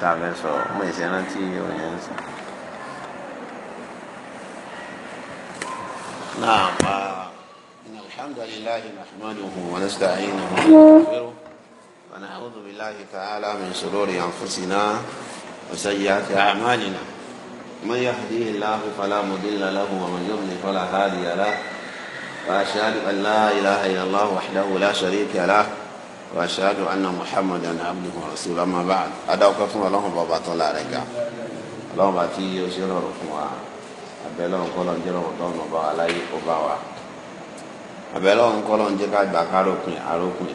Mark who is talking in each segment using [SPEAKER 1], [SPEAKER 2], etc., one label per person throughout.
[SPEAKER 1] tá a fẹ́ sọ ọmọ ìṣẹ́ rántí òyìn ń sìn. نعم إن الحمد لله نحمده ونستعينه ونستغفره ونعوذ بالله تعالى من شرور أنفسنا وسيئات أعمالنا من يهديه الله فلا مضل له ومن يضلل فلا هادي له وأشهد أن لا إله إلا الله وحده لا شريك له وأشهد أن محمدا عبده ورسوله أما بعد أدعو كفر الله بابا طلع رجع الله باتي يشير رفوع أبلا وقال أنجر وضعنا بابا علي وباوا أبلا وقال أنجر قاعد بكاروكني أروكني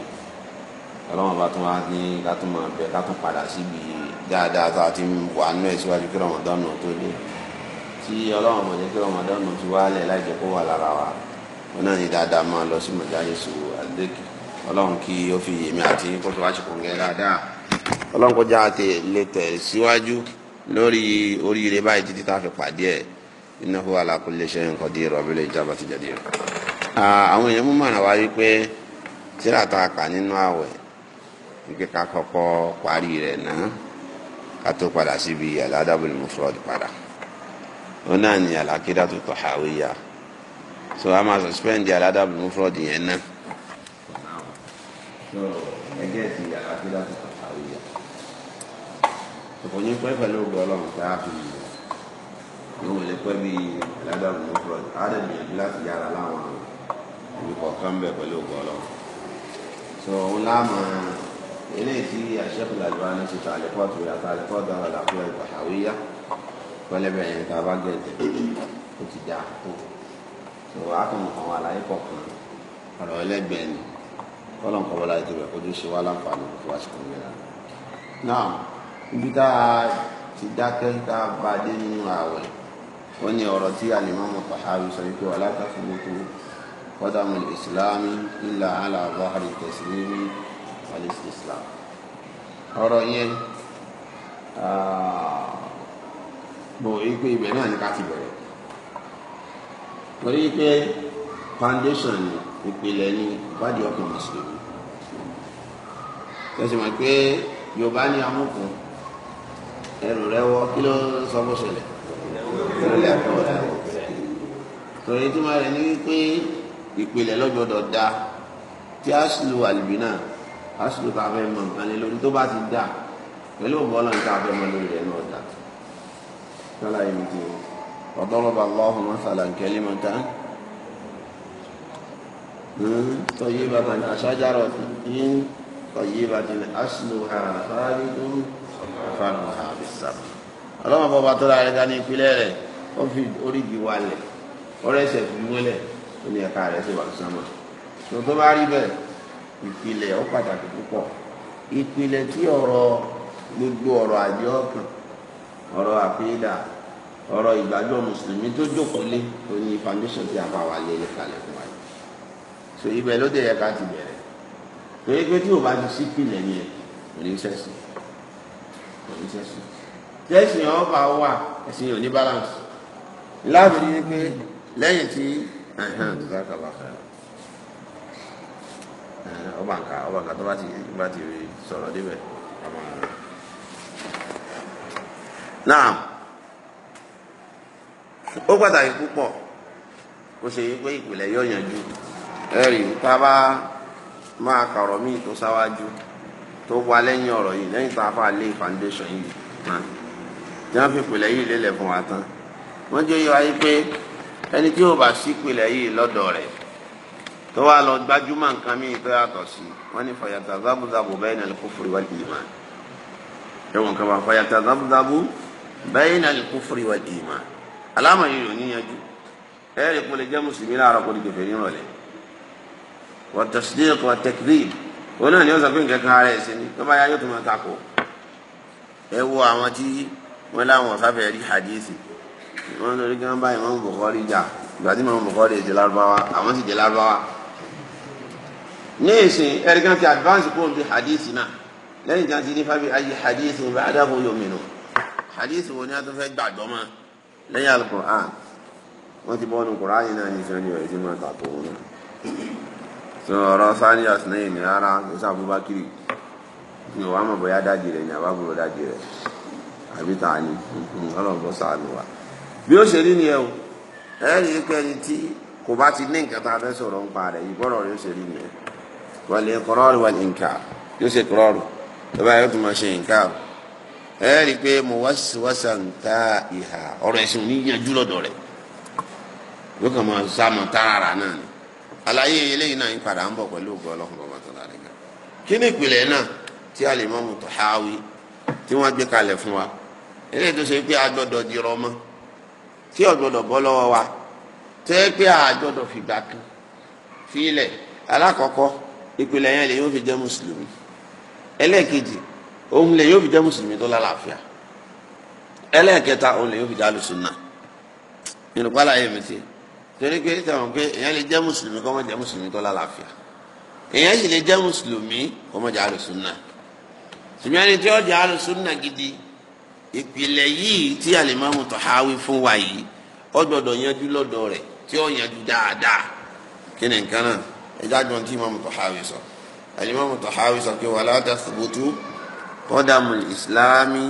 [SPEAKER 1] ọlọ́wọ́n bá tún wá ní ká tún máa bẹ ká tún padà síbi dáadáa tá a ti ń wà nínú ẹ̀ síwájú kí rọmọdọ́nù tó dé tí ọlọ́wọ́n mọ̀ jẹ́ kí rọmọdọ́nù ti wá lẹ̀ láì jẹ́ kó wà lára wa wọn náà ní dáadáa máa lọ sí mọ̀jáde sùn àdékì ọlọ́run kí ó fi èmi àti kótó wáṣí kò ń gẹ dáadáa ọlọ́run kọjá àti lè tẹ̀ síwájú lórí oríire báyìí títí tá a fi pàdé ẹ̀ innahu ala kulli shay'in qadir rabbil ijabati jadir. àwọn èèyàn mú màrà wá wípé tíra tá a kà nínú àwẹ̀ wípé ká kọ́kọ́ parí rẹ̀ náà ká tó padà síbi al-adabul mufrad padà ó náà ní al-aqidatu tahawiyya so a máa suspend al-adabul mufrad yẹn náà so ẹgẹ́ ti àkídà tó kàwé yà òfòyín pẹ́ pẹ̀lú ògbó ọlọ́run tá a fi yìí yóò wọlé pẹ́ bí ẹ̀lẹ́dàgbọ̀n ló fọ́ adẹ́gbìyànjú láti yára láwọn ìlú kọ̀ọ̀kan bẹ̀ pẹ̀lú ògbó ọlọ́run so òun láàmú eléyìí tí àṣẹ́kùn Albani ti tà lẹ́kọ̀ọ́ tó yàtọ̀ àlẹ́kọ̀ọ́ dára làkúrẹ́ ìgbàhàwé yá pẹ́lẹ́bẹ̀ yẹn tá a bá gẹ̀ẹ́dẹ̀ ó ti dà tó so a kàn kàn wà láyé kọ̀ọ̀kan ọ̀rọ̀ ẹlẹ́gbẹ̀ẹ́ ni kọ́lọ́n kọ́ wọlé àti ìbẹ̀kọ́ ojú ṣe wá láǹfààní kó wá sí kò mìíràn náà ibi tá a ti dákẹ́ tá a bá dé nínú ààwẹ̀ ó ní ọ̀rọ̀ tí alimami Tahawi sọ wípé wà látàkùnmọ́tò kọ́dàmù ìsìlámi ilà aláàbáhárì tẹ̀sílẹ́mì wàlẹ́sì islam ọ̀rọ̀ yẹn bò wípé ibẹ̀ náà ní ká ti bẹ̀rẹ̀ torí pé foundation ìpìlẹ̀ ní ìwádìí ọkàn mùsùlùmí tẹ̀sí mọ̀ pé yorùbá ní amúkùn ẹrù rẹ wọ kí ló sọ bó ṣẹlẹ̀ ìrọ̀lẹ́ àkọ́wọ́ rẹ wọ. torí tí wọ́n rẹ̀ ní wípé ìpìlẹ̀ lọ́gbọ́dọ̀ da tí aṣlù àlùbí náà aṣlù tá a fẹ́ mọ̀ nǹkan lé lórí tó bá ti dà pẹ̀lú òbọ́lọ̀ nǹkan a fẹ́ mọ̀ lórí rẹ̀ náà dà. kálá yìí ti وضرب الله مثلا كلمة طيبة كشجرة طيبة أصلها خالد فنها بالسبع ọlọ́run bọ́ bá tọ́lá rẹ̀ dání ìpínlẹ̀ rẹ̀ ó fi orígi wa lẹ̀ ọ̀rẹ́ ẹsẹ̀ fi wọlé ó ní ẹ̀ka rẹ̀ ṣe wà tó sánmà bá rí bẹ́ẹ̀ ìpìlẹ̀ ó pàtàkì púpọ̀ ìpìlẹ̀ tí ọ̀rọ̀ gbogbo ọ̀rọ̀ àjọ kan ọ̀rọ̀ àpéyídà ọ̀rọ̀ ìgbàjọ́ mùsùlùmí tó jókòó lé ó foundation tí a bá wà lé kalẹ̀ fún wa yìí ibẹ̀ ló dé ẹ̀ka ti bẹ̀rẹ̀ torí pé tí o bá di sí pìlẹ̀ yẹn kò ní sẹ́sìn kò ní sẹ́sìn tẹ́sìn ọba wà ẹ̀sìn yóò ní balance láàbìrì ni pé lẹ́yìn tí ọba nǹkan ọba nǹkan tó bá ti sọ̀rọ̀ débẹ̀ ọmọ rẹ̀ náà ó pàtàkì púpọ̀ kó ṣe pé ìpìlẹ̀ yóò yanjú ẹ̀rí a máa ka ọ̀rọ̀ míì tó sáwájú tó wá lẹ́yìn ọ̀rọ̀ yìí lẹ́yìn tá a lé foundation yìí tán tí wọ́n fi pèlè yìí lélẹ̀ fún wa tán wọ́n jẹ́ yọ ayé pé ẹni tí yóò bá sí pèlè yìí lọ́dọ̀ rẹ̀ tó wá lọ gbajúmọ̀ nǹkan míì tó yàtọ̀ sí wọ́n ní fàyàtà zábùzábù bẹ́ẹ̀ ní al-kufri wal-iman ẹ̀wọ̀n kan wà fàyàtà zábùzábù bẹ́ẹ̀ ní al-kufri wal-iman alámọ̀ yìí yóò níyanjú ẹ̀ẹ́dẹ̀kùn lè jẹ́ mùsùlùmí láàárọ̀ kó di kẹfẹ́ nírọ̀lẹ́ والتصديق والتكذيب òun náà ni wọ́n sọ pé nǹkan kan ara ẹ̀ sí ni tó bá yá yóò tún máa takò ẹ wo àwọn tí wọ́n láwọn ọ̀sáfẹ́ rí hadithi wọ́n lórí kí wọ́n bá Imam Bukhari jà ìgbà tí Imam Bukhari ti lárúbáwá àwọn sì ti lárúbáwá ní ìsìn ẹ̀ríkan ti advance kó bi hadithi náà lẹ́yìn tí wọ́n ti ní fábí ayé hadithi bá adáko yomino hadithi wo ni wọ́n tún fẹ́ gbàgbọ́ mọ́ lẹ́yìn alukur'an wọ́n ti bọ́ ọ́nù kur'an yìí náà ní sọ́ni ọ̀ sọ ọ̀rọ̀ sani asinẹyìn ní ara ẹsẹ abubakiri ní wàá mọ bóyá dájì rẹ ní abábúrò dájì rẹ àbí tà ní ọlọ́run bọ sàánù wa bí ó ṣe rí ni ẹ o ẹ rí i pé ẹni tí kò bá ti ní nǹkan tá a fẹ́ sọ̀rọ̀ ń pa rẹ̀ ìgbọ́rọ̀ rẹ̀ ó ṣe rí ni ẹ wọ́n lè kọ́rọ́ọ̀rù wọ́n lè nkà yóò ṣe kọ́rọ́ọ̀rù tó bá yóò tún máa ṣe nkà ẹ rí i pé mo wáṣíwáṣà ń ta ìhà ọ̀rọ̀ ẹ̀sìn oníyanjú lọ́dọ̀ rẹ̀ yóò kàn máa sá mọ́ tára náà ni àlàyé eléyìí náà ń padà ń bọ̀ pẹ̀lú ògbọ́ ọlọ́run bàbá tó lára ga kí ni ìpìlẹ̀ náà tí tí wọ́n gbé kalẹ̀ fún wa eléyìí tó ṣe pé a gbọ́dọ̀ tí bọ́ lọ́wọ́ wa tó yẹ pé fìgbà kan fílẹ̀ alákọ̀ọ́kọ́ ìpìlẹ̀ yẹn lè yóò fi jẹ́ mùsùlùmí ẹlẹ́ẹ̀kejì òun lè yóò fi jẹ́ mùsùlùmí tó lálàáfíà ẹlẹ́ẹ̀kẹta òun lè yóò torí pé sọ̀rọ̀ pé èèyàn lè jẹ́ mùsùlùmí kọ́ mọ́ jẹ́ mùsùlùmí tó lálàáfíà èèyàn sì lè jẹ́ mùsùlùmí kọ́ mọ́ jẹ́ àlùsùnà ṣùgbọ́n ẹni tí ó jẹ́ àlùsùnà gidi ìpìlẹ̀ yìí tí alimami Tahawi fún wa yìí ó gbọ́dọ̀ yanjú lọ́dọ̀ rẹ̀ tí ó yanjú dáadáa kí ni nǹkan náà ẹjọ́ àjọyọ̀ tí imam Tahawi sọ alimami Tahawi sọ pé wala tasbutu qadamul islami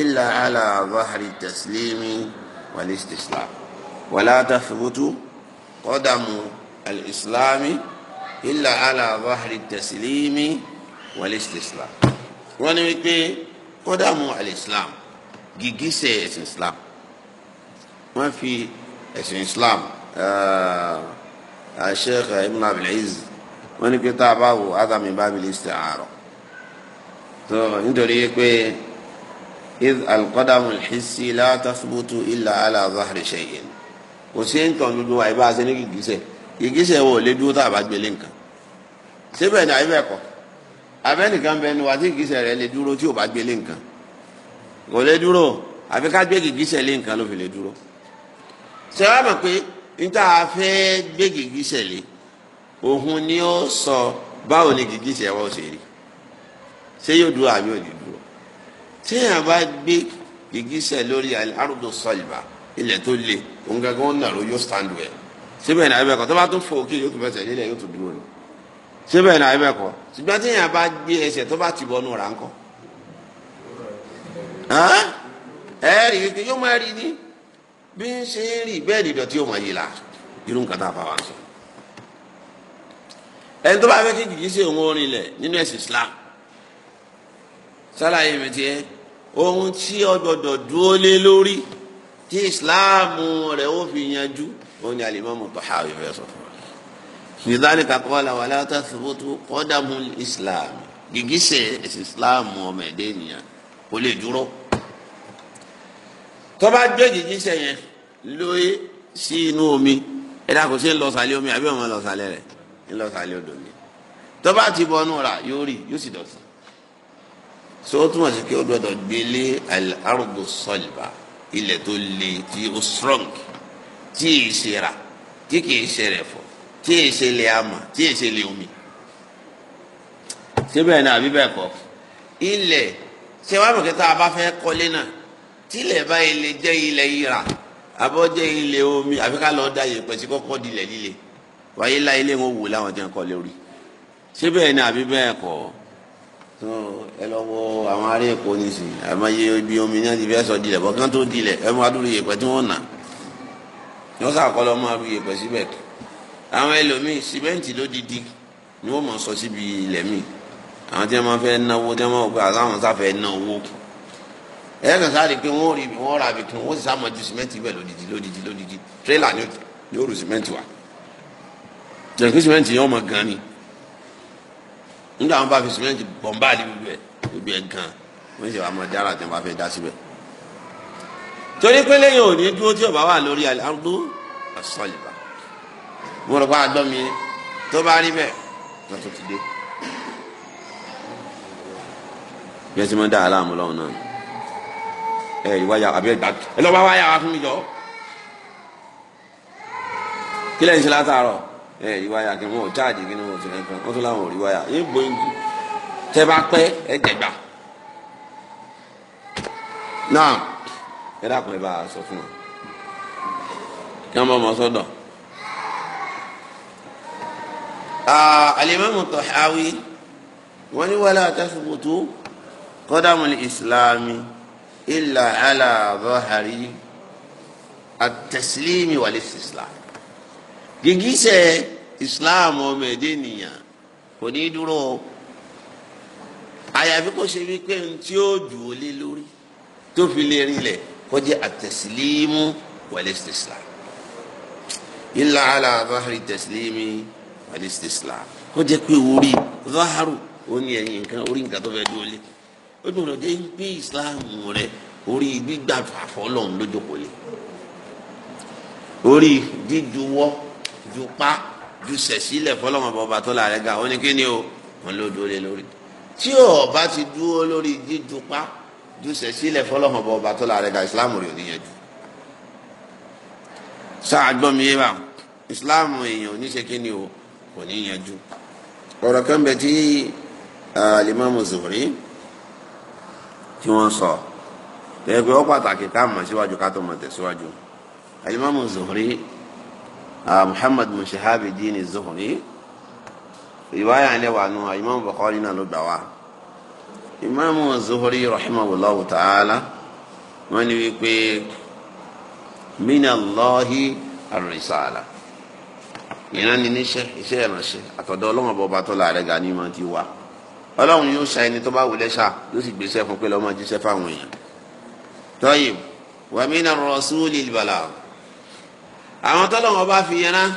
[SPEAKER 1] illa ala zahri taslimi wal istislam wàlá tàfẹ́wótú kọ́dàmù alìsílámì ilà aláàbáhàrí tẹ̀sílímì wàlẹ́sítẹ̀sílám wọ́n ní wípé kọ́dàmù alìsílám gìgísẹ̀ ẹ̀sìn islam wọ́n fi ẹ̀sìn islam sheikh ibn abdulaziz wọ́n ní pé tá a bá wo adam ibabili isti'ara tó nítorí pé idh alqadamu alhissi la tathbutu illa ala zahri shay'in kò sí nǹkan gbogbo wa ìbá ṣe ní gìgísẹ̀ gìgísẹ̀ wo lè dúró tá a bá gbélé nǹkan síbẹ̀ ní àyíbẹ̀ kọ́ abẹ́nìkan bẹ nu wa tí gìgísẹ̀ rẹ lè dúró tí ò bá gbélé nǹkan kò lè dúró àfi ká gbé gìgísẹ̀ lé nǹkan ló fi lè dúró ṣé mọ̀ pé níta fẹ́ gbé gìgísẹ̀ lé òun ni ó sọ báwo ni gìgísẹ̀ wa ó ṣe rí ṣé yóò dúró àbí ò ní dúró tí bá gbé gìgísẹ̀ lórí al-ardu salba ilẹ̀ tó le òun gangan nàró yóò stand well síbẹ̀ náà ibẹ̀ kọ́ tó bá tún fò kí yóò tún fẹsẹ̀ nílẹ̀ yóò tún dúró ni síbẹ̀ náà ibẹ̀ kọ́ ṣùgbọ́n tí èèyàn bá gbé ẹsẹ̀ tó bá ti bọ́ nù rà ńkọ́ ẹ rí i yóò máa rí ni bí ń ṣe ń rí bẹ́ẹ̀ ni ìdọ̀tí yóò máa yí la irú nǹkan tá a fa wa sọ ẹni tó bá fẹ́ kí jìjì ṣe òun orin lẹ̀ nínú ẹ̀sìn Islam sálàyé mi tiẹ̀ ohun tí ọgbọ́dọ̀ dúró lé lórí tí ìsìláàmù rẹ̀ ó fi yanjú òun ni alimami Tahawi fẹ́ sọ fún wa. nìdáni kakọ́ la wàlá ta thubutu kọ́dàmù ìsìláàmù gìgísẹ̀ ìsìláàmù ọmọ ẹ̀dẹ́ ènìyàn kò lè dúró. tọ́ba gbé gìgísẹ̀ yẹn lóye sí inú omi ẹ̀dá kò sí ń lọ sàlẹ̀ omi àbí ọmọ lọ rẹ̀ ń odò mi tọ́ba ti bọnú ra yóò rí yóò sì dọ̀tí. so ó sí pé ó gbọdọ̀ ilẹ̀ tó le tí ó strong tí ì ṣe rà tí kì í ṣe rẹ̀ fọ̀ tí ì ṣe lè àmà tí ì ṣe lè omi. síbẹ̀ náà àbí bẹ́ẹ̀ kọ́ ilẹ̀ ṣé wàá mọ̀ kí tá a bá fẹ́ kọ́lé náà tílẹ̀ báyìí lè jẹ́ ilẹ̀ ìrà àbọ̀ jẹ́ ilẹ̀ omi àfi ká lọ́ọ́ dá yẹpẹ̀ sí kọ́kọ́ dilẹ̀ líle wáyé láyé lé wọn wò láwọn jẹ́ ń kọ́ síbẹ̀ náà àbí bẹ́ẹ̀ kọ́ ẹ lọ wọ àwọn ará èkó nísìnyí àmọye ibi omi náà ti fẹ́ sọ dilẹ̀ bọ́ kán tó dilẹ̀ ẹ máa dúró yèpẹ̀ tí wọ́n nà wọ́n sàkọlọ́ máa ru yèpẹ̀ síbẹ̀ àwọn ẹlòmíì sìmẹ́ǹtì ló didi ni wọ́n mọ̀ sọ síbi ilẹ̀ míì àwọn tí wọ́n máa fẹ́ náwó tí wọ́n máa gbé àwọn sáfẹ́ ná owó ẹ kàn sáré pé wọ́n rí wọ́n rà bìkan wọ́n sì sá mọ́ ju sìmẹ́ǹtì bẹ́ẹ̀ lódidi lódidi lódidi tírélà ni ó rù sìmẹ́ǹtì wa jẹ̀kú sìmẹ́ǹtì yẹn wọ́n mọ̀ gan ni nígbà wọn bá fi simẹnti bọmbáàdì gbogbo ẹ gbogbo ẹ gan wọn ṣe àwọn ọmọdé ara tí wọn bá fẹ́ dá síbẹ̀. torí pé lẹ́yìn òní dúró tí ọba wà lórí alárúgbó ọsọlìbà mo rò pé àgbọn mi tó bá rí bẹ́ẹ̀ tó tó ti dé. bí ẹ ti mọ dá aláàmú lọ́wọ́ náà ẹ ìwáyà àbí ẹgbà ẹ lọ́wọ́ wáyà wá fún mi jọ kílẹ̀ ń ṣe látàárọ̀ ẹ rí wáyà kí wọn ò cháàjì kí wọn ò tẹ̀lé kan wọn tún láwọn ò rí wáyà yé gbóyìnbó tẹ bá pẹ́ ẹ jẹ̀gbà náà ẹ dàpọ̀ ẹ bá a sọ fún wa kí wọn bá ọmọ sọdọ̀ alimami Tahawi wọn ní wàlá àtàsùkùtù kọ́dàmù ìsìlámi ilà àlà zahari àtẹ̀sílímì wàlẹ̀ ìsìlámi gìgísẹ̀ islam ọmọ ẹdẹ ènìyàn kò ní dúró o àyàfi kó ṣe wípé n tí ó jù ó lé lórí tó fi lè rinlẹ̀ kó jẹ́ àtẹ̀sílímù wal-istislam illa ala zahri tẹ̀sílímù wal-istislam kó jẹ́ pé orí zaharu ó ní ẹ̀yìn nǹkan orí nǹkan tó fẹ́ dúró lé ó dùn lọ jẹ́ pé islam rẹ̀ orí gbígbàdùn àfọlọ́hún lójókòó lé orí jíjuwọ́ jupa ju sẹ̀sílẹ̀ fọlọ́mọ bọba tó la rẹ̀ ga ó ní kí ni o wọn ló dúró lé lórí tí o bá ti dúró lórí jíjùpá ju sẹ̀sílẹ̀ fọlọ́mọ bọba tó la rẹ̀ ga ìsìlámù rẹ̀ ò níyẹn jù. sáà gbọ́n mi yé wa ìsìlámù èèyàn ò ní ṣe kí ni o kò níyẹn jù. ọ̀rọ̀ kan bẹ tí alimami Zuhri tí wọ́n sọ tẹ̀ pé ó pàtàkì ká mọ̀ síwájú ká tó mọ̀ tẹ̀síwájú alimami Zuhri. Ah, muhammad bin shihabi dini zuhri riwaya ne wa nu imam bukhari na ló gbà wá imam zuhri rahimahullahu ta'ala wọ́n ní wípé minallahi arisala ìran ni níṣẹ́ iṣẹ́ ìránṣẹ́ àtọ̀dọ̀ ọlọ́run bọba tó láàrẹ ga ni mo ti wà ọlọ́run yóò ṣa ẹni tó bá wulẹ̀ ṣá yóò sì gbéṣẹ́ fún pé lọ́mọ jíṣẹ́ fáwọn èèyàn tọ́yìn wa mina rasuli al-balagh àwọn tọ́lọ́wọ́n bá fi yẹn rán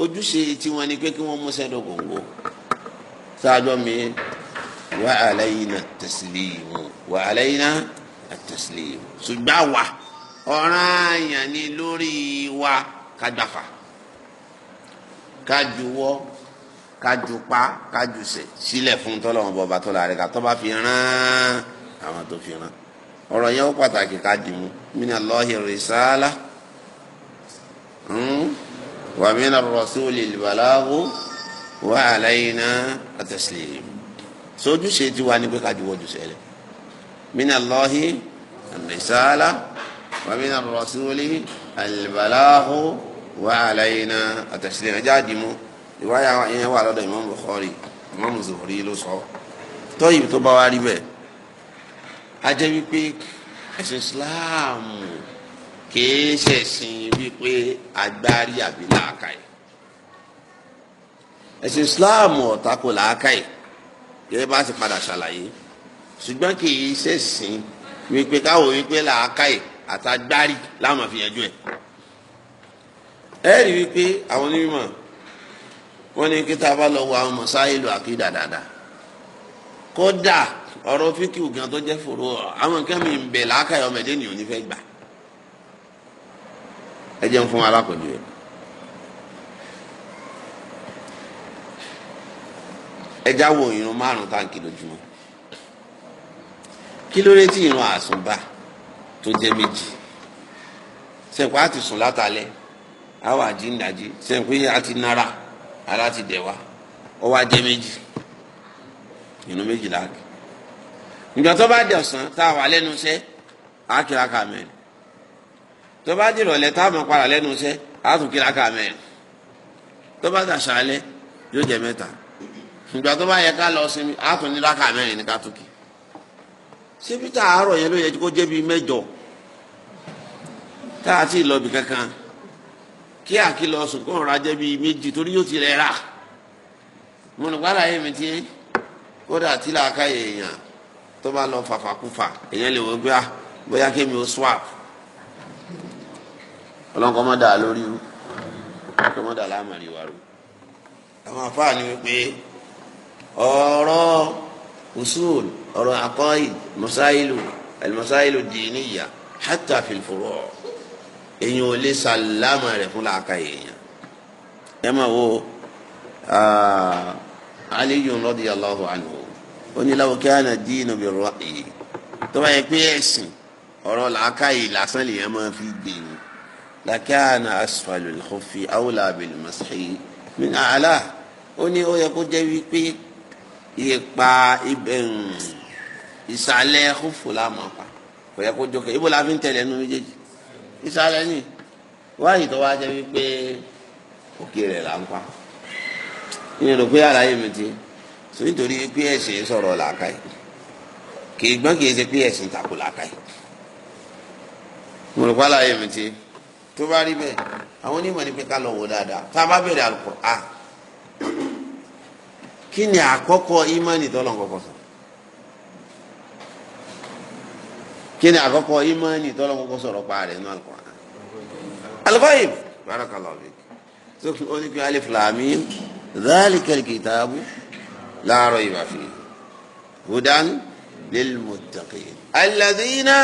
[SPEAKER 1] ojúṣe tiwọn ni pé kí wọ́n mú sẹ́dọ̀ gbòǹgbò sáájọ́ mi wa alayna at-taslimu wa alayna at-taslimu ṣùgbọ́n wa ọ̀ràn àyàn ni lórí wa kájàfà kájúwọ́ kájúpa kájúṣe sílẹ̀ fún tọ́lọ́wọ́n bọba tọ́lọ́ àrẹ́ká tó bá fi rán àwọn tó fi rán ọ̀rọ̀ yẹn ó pàtàkì ká dì mú min Allahi Hmm? wa min ar-rasuli al-balaghu wa alayna at-taslim sojúṣe ti wá ní pé ká juwọ́ jùṣẹ́ lẹ̀ min Allahi ar-risala wa min ar-rasuli al-balaghu wa alayna at-taslim ẹ̀já àdìmú ìwáyà yẹn wà lọ́dọ̀ Imam Bukhari Imam Zuhri ló sọ tọ́yìn tó bá wá rí bẹ́ẹ̀ a wípé ẹ̀sìn Islam kìí ṣẹ̀sìn wípé agbárí àbí làákàyè ẹ̀sìn Islam ọ̀tá kò làákàyè gẹ́gẹ́ bá ti padà ṣàlàyé ṣùgbọ́n kìí ṣẹ̀sìn wípé káwọ wípé làákàyè àtàgbárí láwọn fi yanjú ẹ̀ ẹ rí wípé àwọn onímọ̀ wọ́n ní kí tá a bá lọ wo àwọn mọ̀sáìlù àkídà dáadáa kódà ọ̀rọ̀ fíkìwù gan tó jẹ́ fòrò àwọn nǹkan mi ń bẹ̀ làákàyè ọmọdé nìyóní fẹ́ gbà ẹ n fún alákòjú yẹn. ẹja wo irun márùn táǹkì lójúmọ́ kí ló dé tí irun àsùnbà tó jẹ́ méjì sẹ́ńpá àti sùn látàlẹ́ àwọn àjíǹdàjì nara ara ti dẹ̀ wá ó wá méjì irun méjì tó bá dẹ̀ ọ̀sán tá a wà lẹ́nu iṣẹ́ àákìlá kàmẹ́rin tó bá dìrọ̀ lẹ táwọn padà lẹ́nu iṣẹ́ á tún kíra ká mẹ́rin tó bá dàṣálẹ́ yóò jẹ mẹ́ta ìgbà tó bá yẹ ká lọ sinmi á tún ní ráká mẹ́rin ní ká tún kí ṣé peter àárọ̀ yẹn ló yẹ kó jẹ́ bíi mẹ́jọ tá a ti lọ bì kankan kí àkìlọ̀ sùn kó rà jẹ́ bíi méjì torí yóò ti rẹ̀ rà mọ̀nàgbára yẹn mi ti kódà tí làákàyè èèyàn tó bá lọ fàfàkùfà èèyàn lè wọ́n gbé ah, bóyá kémi ó swap ọlọ́nkọ́ mọ́ dà á lórí rú ọlọ́nkọ́ mọ́ dà á láàmàrí wa rú. àwọn afáà ni wípé ọ̀rọ̀ usul ọ̀rọ̀ aqaid masailu al-masailu diniya hatta fil furu' èyàn ò lè sàlámà rẹ̀ fún làákà èèyàn ẹ máa wo aliyu radiyallahu anhu onílàwọ̀ kí á nà dínú bir ra'yi tó bá yẹ pé ẹ̀sìn ọ̀rọ̀ làákà yìí lásán lèèyàn máa fi gbìyànjú. لكان أسفل الخف أولى بالمسح من أعلاه ó ní ó yẹ kó jẹ́ wípé ipa ìsàlẹ̀ kófò láàmú apá kò yẹ kó jókè ibo la fi ń tẹ̀lé ẹnu méjèèjì ìsàlẹ̀ ni wáyé tó wá jẹ́ wípé òkè rẹ̀ là ń pa ìyẹn ló pé àlàyé mi ti sọ nítorí pé ẹ̀sìn sọ̀rọ̀ làákàyè kì í gbọ́n kì í ṣe pé ẹ̀sìn takò làákàyè mo rò pé àlàyé mi ti tó bá rí bẹ́ẹ̀ àwọn onímọ̀ ní pé ká lọ wò dáadáa tá a bá bẹ̀rẹ̀ àlùkò a kí ni àkọ́kọ́ ìmánì tọ́lọ̀ kọ́kọ́ sọ kí ni àkọ́kọ́ ìmánì tọ́lọ̀ kọ́kọ́ sọ̀rọ̀ pa rẹ̀ nínú àlùkò a alghaib barakallahu bik so ó alif lam mim dhalikal kitabu la rayba fihi hudan lilmuttaqin alladhina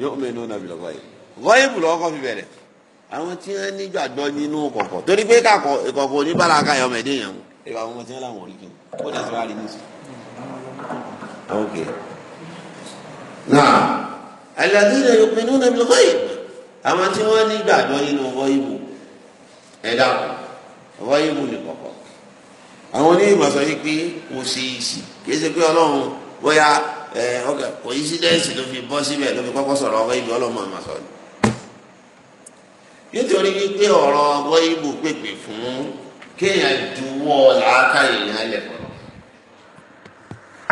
[SPEAKER 1] yu'minuna bil ghaib ghaib lọ́kọ́ fi bẹ̀rẹ̀ àwọn tí wọ́n ní gbàgbọ́ nínú kọ̀kọ̀ torí pé kàkọ́ ìkọ̀kọ̀ oníbàárà ká yọmọ ẹ̀dẹ́ yẹn mu ìgbà wọn ti ń làwọn orí kí ó dẹ̀ ti wá rí nísì. náà alladhina yu'minuna bil ghaib àwọn tí wọ́n ní gbàgbọ́ nínú ghaib ẹ̀dá ghaib ní kọ̀kọ̀ àwọn onímọ̀ sọ yìí pé kò sí ìsì kì í ṣe pé ọlọ́run bóyá ọkọ̀ kò ló fi bọ́ síbẹ̀ ló fi kọ́kọ́ sọ̀rọ̀ ghaib ọlọ́run àmàsọ̀rọ̀ nítorí wípé ọ̀rọ̀ ọgbọ́n ibù pèpè fún kéèyàn juwọ́ làákà èèyàn lẹ̀ fọ̀rọ̀.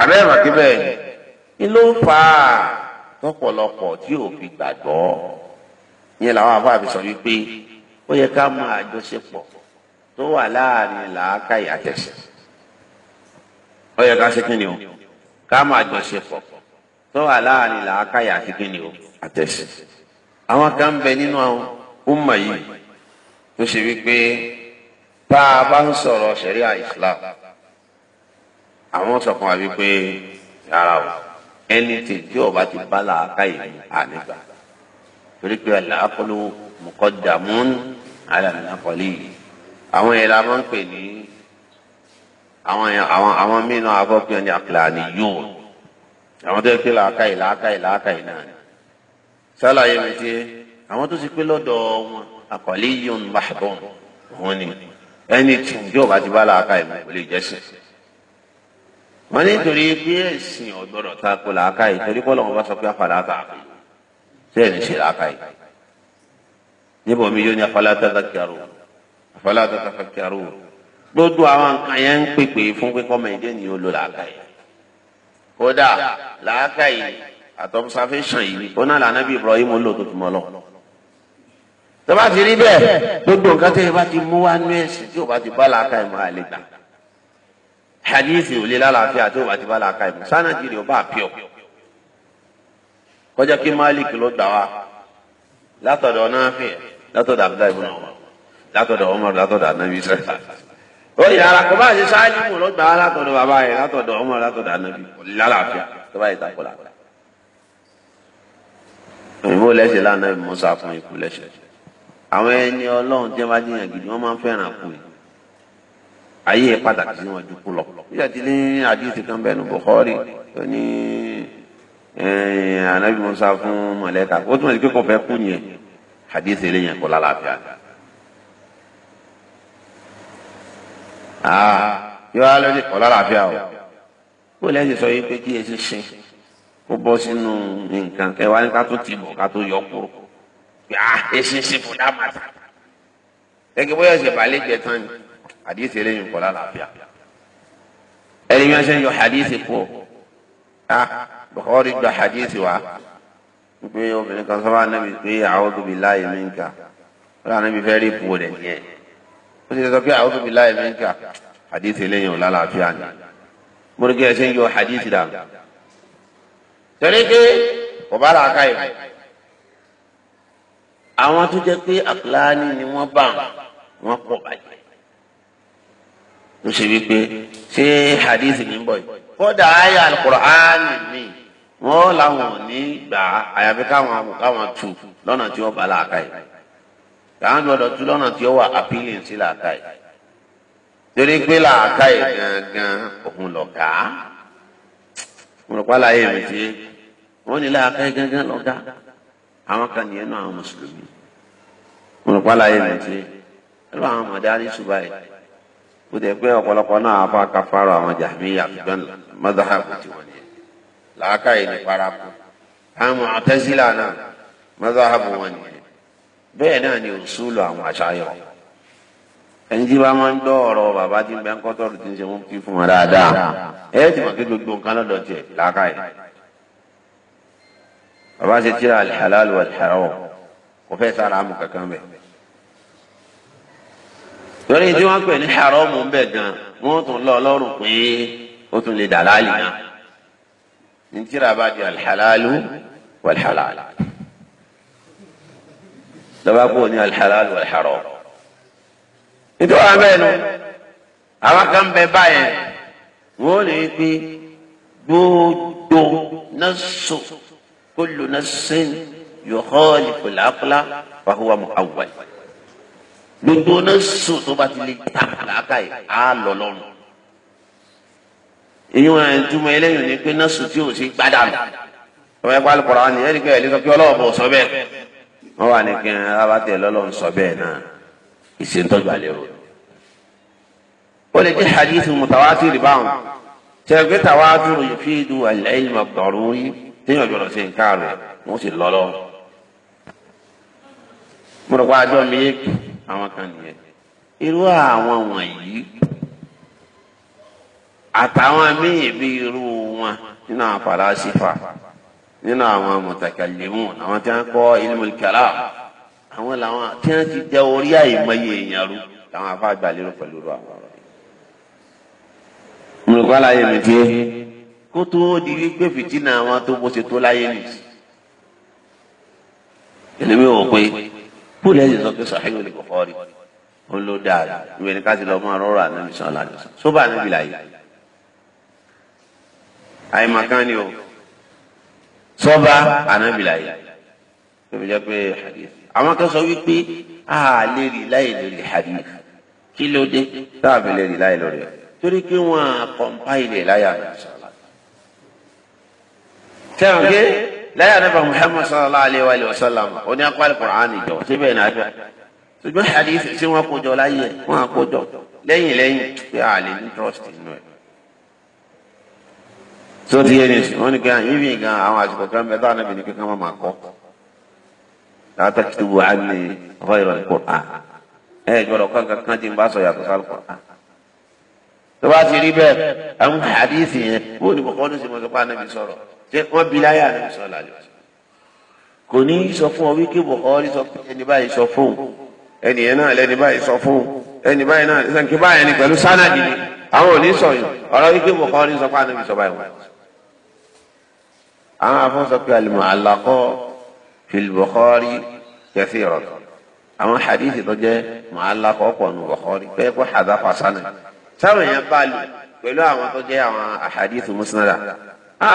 [SPEAKER 1] àbẹ́rẹ́ màkì bẹ́ẹ̀ ló ń fa tí ò fi gbàgbọ́ yẹn làwọn sọ wà láàrin làákà ìyàtẹ̀sẹ̀ ó yẹ ká ṣe kí ni o ká tó wà láàrin làákà ìyàtẹ̀sẹ̀ àwọn kan ń bẹ nínú àwọn. umma yìí tó ṣe wípé tá a bá ń sọ̀rọ̀ ṣẹ̀ríà islam àwọn sọ fún wa wípé rárá o ẹni tí tí ọba ti bá làákàyè ní ànígbà torí pé àlàákọ́lù muqaddamun ala al-aqli àwọn yẹn la máa ń pè ní àwọn mìíràn afọ́pẹ́ ní àkìlàní yóò àwọn tó yẹ kí làákàyè làákàyè làákàyè náà sálàyé mi ti àwọn tó ti pé lọ́dọ̀ wọn àkọlé yíyan bàbọn wọn ni ẹni tí yóò bá ti bá làákà ìmọ̀ kò lè jẹ́sìn. wọn nítorí pé ẹ̀sìn ọ̀gbọ́dọ̀ ta ko làákà yìí torí kọ́lọ́ wọn bá sọ pé àfàlà ta àpè tí ẹ̀ ní ṣe làákà yìí. níbo mi yóò ní àfàlà tata kíarò àfàlà tata kíarò gbogbo àwọn nǹkan yẹn ń pèpè fún pé kọ́mọ ni yóò lo làákà yìí. kódà làákà yìí àtọ́mùsáfẹ́sàn yìí ó náà lànà bí Ibrahim lò tó fi mọ́ lọ tọ́ba ti rí bẹ́ẹ̀ gbogbo nǹkan tẹ́ ẹ bá ti mú wá nú ẹ̀sìn tí o bá ti bá làákà ìmọ̀ àlè gbà hadithi ò lè lálàáfíà tí o bá ti bá làákà ìmọ̀ sáà nàìjíríà ọba àpíọ̀ kọjá kí malik ló gbà wá látọ̀dọ̀ náàfin látọ̀dọ̀ abdullahi ibùnà ọmọ látọ̀dọ̀ ọmọ látọ̀dọ̀ anabi sẹ́fà ó yẹ ara kò bá ṣe sáájú mò ló gbà wá látọ̀dọ̀ bàbá yẹn látọ̀dọ̀ ọmọ látọ̀dọ̀ anabi lálàáfíà tó bá yẹ takò làkà lánàá musa fún ikú lẹ́sẹ̀ àwọn ẹni ọlọ́run tí wọ́n bá jiyàn gidi wọ́n máa ń fẹ́ràn kù ni ayé ẹ pàtàkì sí wọn ju kú lọ. bíjà ti ní àdìsí kan bẹ́ẹ̀ nu Bukhari tó ní anabi musa fún mọ̀lẹ́ka ó túmọ̀ sí pé kò fẹ́ kú yẹn àdìsí eléyẹn kò lálàáfíà. Ah, yóò wá lórí kò lálàáfíà o kó lẹ́yìn sọ yìí pé kí ẹ ṣe ṣe kó bọ́ sínú nǹkan kẹwàá ní ká tó ti bọ̀ ká tó yọ kúrò ah eṣinṣin for that matter gẹ́gẹ́ bóyá ọ̀sẹ̀ balẹ̀ jẹ tán ni àdìsí eléyìí kọ́ lálàáfíà ẹni yẹn ṣe ń yọ àdìsí pọ̀ ah Bukhari gba àdìsí wa pé obìnrin kan sọ́wọ́ anábì pé a'udhu billahi minka wọ́n lànà bí fẹ́ẹ́ rí ipò rẹ̀ nìyẹn ó sì sọ pé a'udhu billahi minka àdìsí eléyìí kọ́ lálàáfíà ni mo rí kí ẹ ṣe yọ àdìsí dà torí pé kò yìí àwọn tó jẹ́ pé àpìláàní ni wọ́n bá wọn pọ̀ bàjẹ́ ó ṣe wípé ṣé hadith ní bọ̀ yìí kódà ayé alukur'ani mi wọn làwọn ò ní gbà àyàfi káwọn káwọn tù lọ́nà tí wọ́n bá làákà yìí káwọn gbọ́dọ̀ tù lọ́nà tí wọ́n wà appealing sí làákà yìí torí pé làákà yìí gangan òun lọ̀gá mo rò pa láyé mi ti wọ́n ní làákà yìí gangan lọ̀gá àwọn kan nìyẹn náà àwọn mùsùlùmí mọ̀nàpálá yẹn nìyí pẹ̀lú àwọn mọ̀dáni ṣùgbọ́n yìí ó tẹ̀ pé ọ̀pọ̀lọpọ̀ náà afa kafaro àwọn jahmiya ṣùgbọ́n mọ́dáhàbù ti wọ̀n yẹn làákà yìí ní paraku àwọn mu'tazila náà mọ́dáhàbù wọn yẹn bẹ́ẹ̀ náà ni usulu àwọn àṣàyọ̀ ẹni tí bá máa ń gbọ́ ọ̀rọ̀ bàbá tí ń bẹ ń kọ́tọ̀ tó ń ṣe mú kí fún wọn dáadáa ẹ ti mọ̀ kí gbogbo nǹkan lọ́dọ̀ tiẹ̀ làákà yìí bàbá ṣe tíra al-halal wal-haram kò fẹ́ sára mu kankan bẹ̀. lórí tí wọ́n pè ní haramu ń bẹ̀ gan wọ́n tún lọ lọ́rùn pé ó tún lè dàlálì náà ní tíra bá di alḥalalu wàlḥalal lọ́ba kúrò ní alḥalalu wàlḥaram nítorí wọn bẹ́ẹ̀ àwọn kan bẹ báyẹn wọ́n lè pe gbogbo nasu kulu nasin yukhalifu al-aqla fa huwa mu'awwal gbogbo náà sùn tó bá ti lè ta làákà yìí á lọ lọ́rùn ìyún àìtúmọ̀ eléyìí ni pé náà sùn tí ò sí gbádà lọ ọmọ ẹgbẹ́ alukọ̀rọ̀ ni ẹ̀rí pé ẹ̀rí sọ pé ọlọ́wọ́ bọ̀ sọ bẹ́ẹ̀ wọ́n wà ní kí n abatẹ sọ bẹ́ẹ̀ náà ìṣèǹtọ́jú àlẹ́ o ó lè jẹ́ hadith mutawatir báwọn tẹ̀gbẹ́ tawatir yufidu al-ilm ad-daruri téèyàn jọ̀rọ̀ sí nǹkan rẹ̀ wọ́n sì lọ́lọ́run mo rò pé àjọ mi yé àwọn kan nìyẹn irú àwọn wọ̀nyí àtàwọn míì bí irú wọn nínú àwọn fàlásífà nínú àwọn mutakallimun àwọn tí wọn kọ ilmul kalam àwọn làwọn tí wọn ti jẹ orí àìmọye èèyàn rú làwọn afáàgbà lérò pẹ̀lú irú àwọn ọ̀rọ̀ yìí. mo rò pé àlàyé mi ti kó tó di wípé fìtínà àwọn tó bó ṣe tó láyé nìyí. èlé ò pé kó lẹ́yìn sọ pé sàhíhù ní Bukhari ó ló dáa ìwé ni ká ti lọ máa rọrọ ànábì sàn láti sàn sóbà níbi láyé àìmọ̀kan ni o sọ́ba ànábì láyé tóbi jẹ́ pé hadith àwọn kan sọ wípé a lè rí láyé lórí hadith kí ló dé táàbì lè rí láyé lórí ẹ̀ torí pé wọn à kọ̀ǹpáìlì láyà ànábì sàn láti sàn lẹ́yìn anábà muhammad sallallahu alayhi wa sallam oní akọ́lẹ̀ kùránì jọ síbẹ̀ náà fẹ́ ṣùgbọ́n hadith tí wọ́n kó jọ láyé wọ́n á kó jọ lẹ́yìn lẹ́yìn pé a lè ní trust nínú ẹ̀. tó ti yé ni wọ́n ní gan yín bíi gan àwọn àsìkò kan bẹ́ẹ̀ tó ànábì ní kankan máa kọ́ láti tubu àní ghayra al-Qur'an ẹ̀ jọ̀rọ̀ kankan kan ti ń bá sọ yàtọ̀ sálù kùrán tó bá ti rí bẹ́ẹ̀ àwọn hadith yẹn bó ni bọ̀kọ́ ní wọ́n bi láyà ní sọ́lá lọ. kò ní sọ fún ọ wíkí bùkọ́rí sọ fún ẹni báyìí sọ fún ẹni yẹn náà lẹni báyìí sọ fún ẹni báyìí náà sànkí báyìí ni pẹ̀lú sánàdì ni àwọn ò ní sọ yìí ọ̀rọ̀ wíkí bùkọ́rí sọ fún ànábì sọ báyìí. àwọn afọ́nsọ pé àlùmọ̀ àlàkọ́ kẹfì rọ̀ àwọn hadithi tó jẹ́ màálàkọ́ pọ̀ nù bùkọ́rí pé kó hadafa sánà sáwọn èèyàn bá lò pẹ̀lú àwọn tó jẹ́ àwọn ahadithu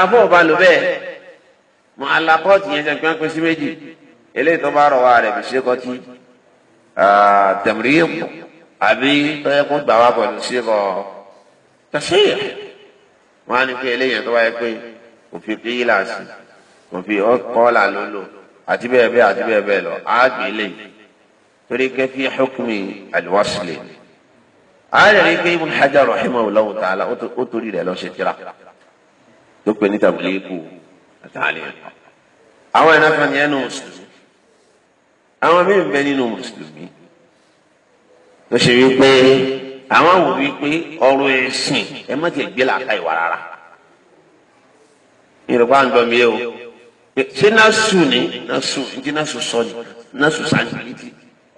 [SPEAKER 1] àbọ̀ ah, ah, ọba lò bẹ́ẹ̀ mọ alakọ́ọ̀tì yẹn jẹ́ pé sí méjì eléyìí tó bá rọ̀ wá rẹ̀ fi ṣe kọ́tí ah, tẹ̀mìrìyìn àbí tọ́yẹ kó gbà wá pẹ̀lú ṣe kọ́ tẹ̀síyà wọn á ní pé eléyìí yẹn tó bá yẹ pé òfin kíyìlà sí òfin ọkọ́ọ̀là ló lò àti bẹ́ẹ̀ bẹ́ẹ̀ àti bẹ́ẹ̀ bẹ́ẹ̀ lọ á gbé eléyìí torí kẹfí hukmi alwasli á rẹ̀ rí pé ibùn Hajar tó pè ní tàbílẹ́kù àtàlẹ́ àwọn ẹ̀dá kan yẹn nù mùsùlùmí àwọn míì bẹ nínú mùsùlùmí tó ṣe wípé àwọn wò wípé ọ̀rọ̀ ẹ̀sìn ẹ má ti gbé làákà ìwà rárá yorùbá ń gbọ́ mi o ṣé nasu ni nasu ntí nasu sọ ni nasu sanni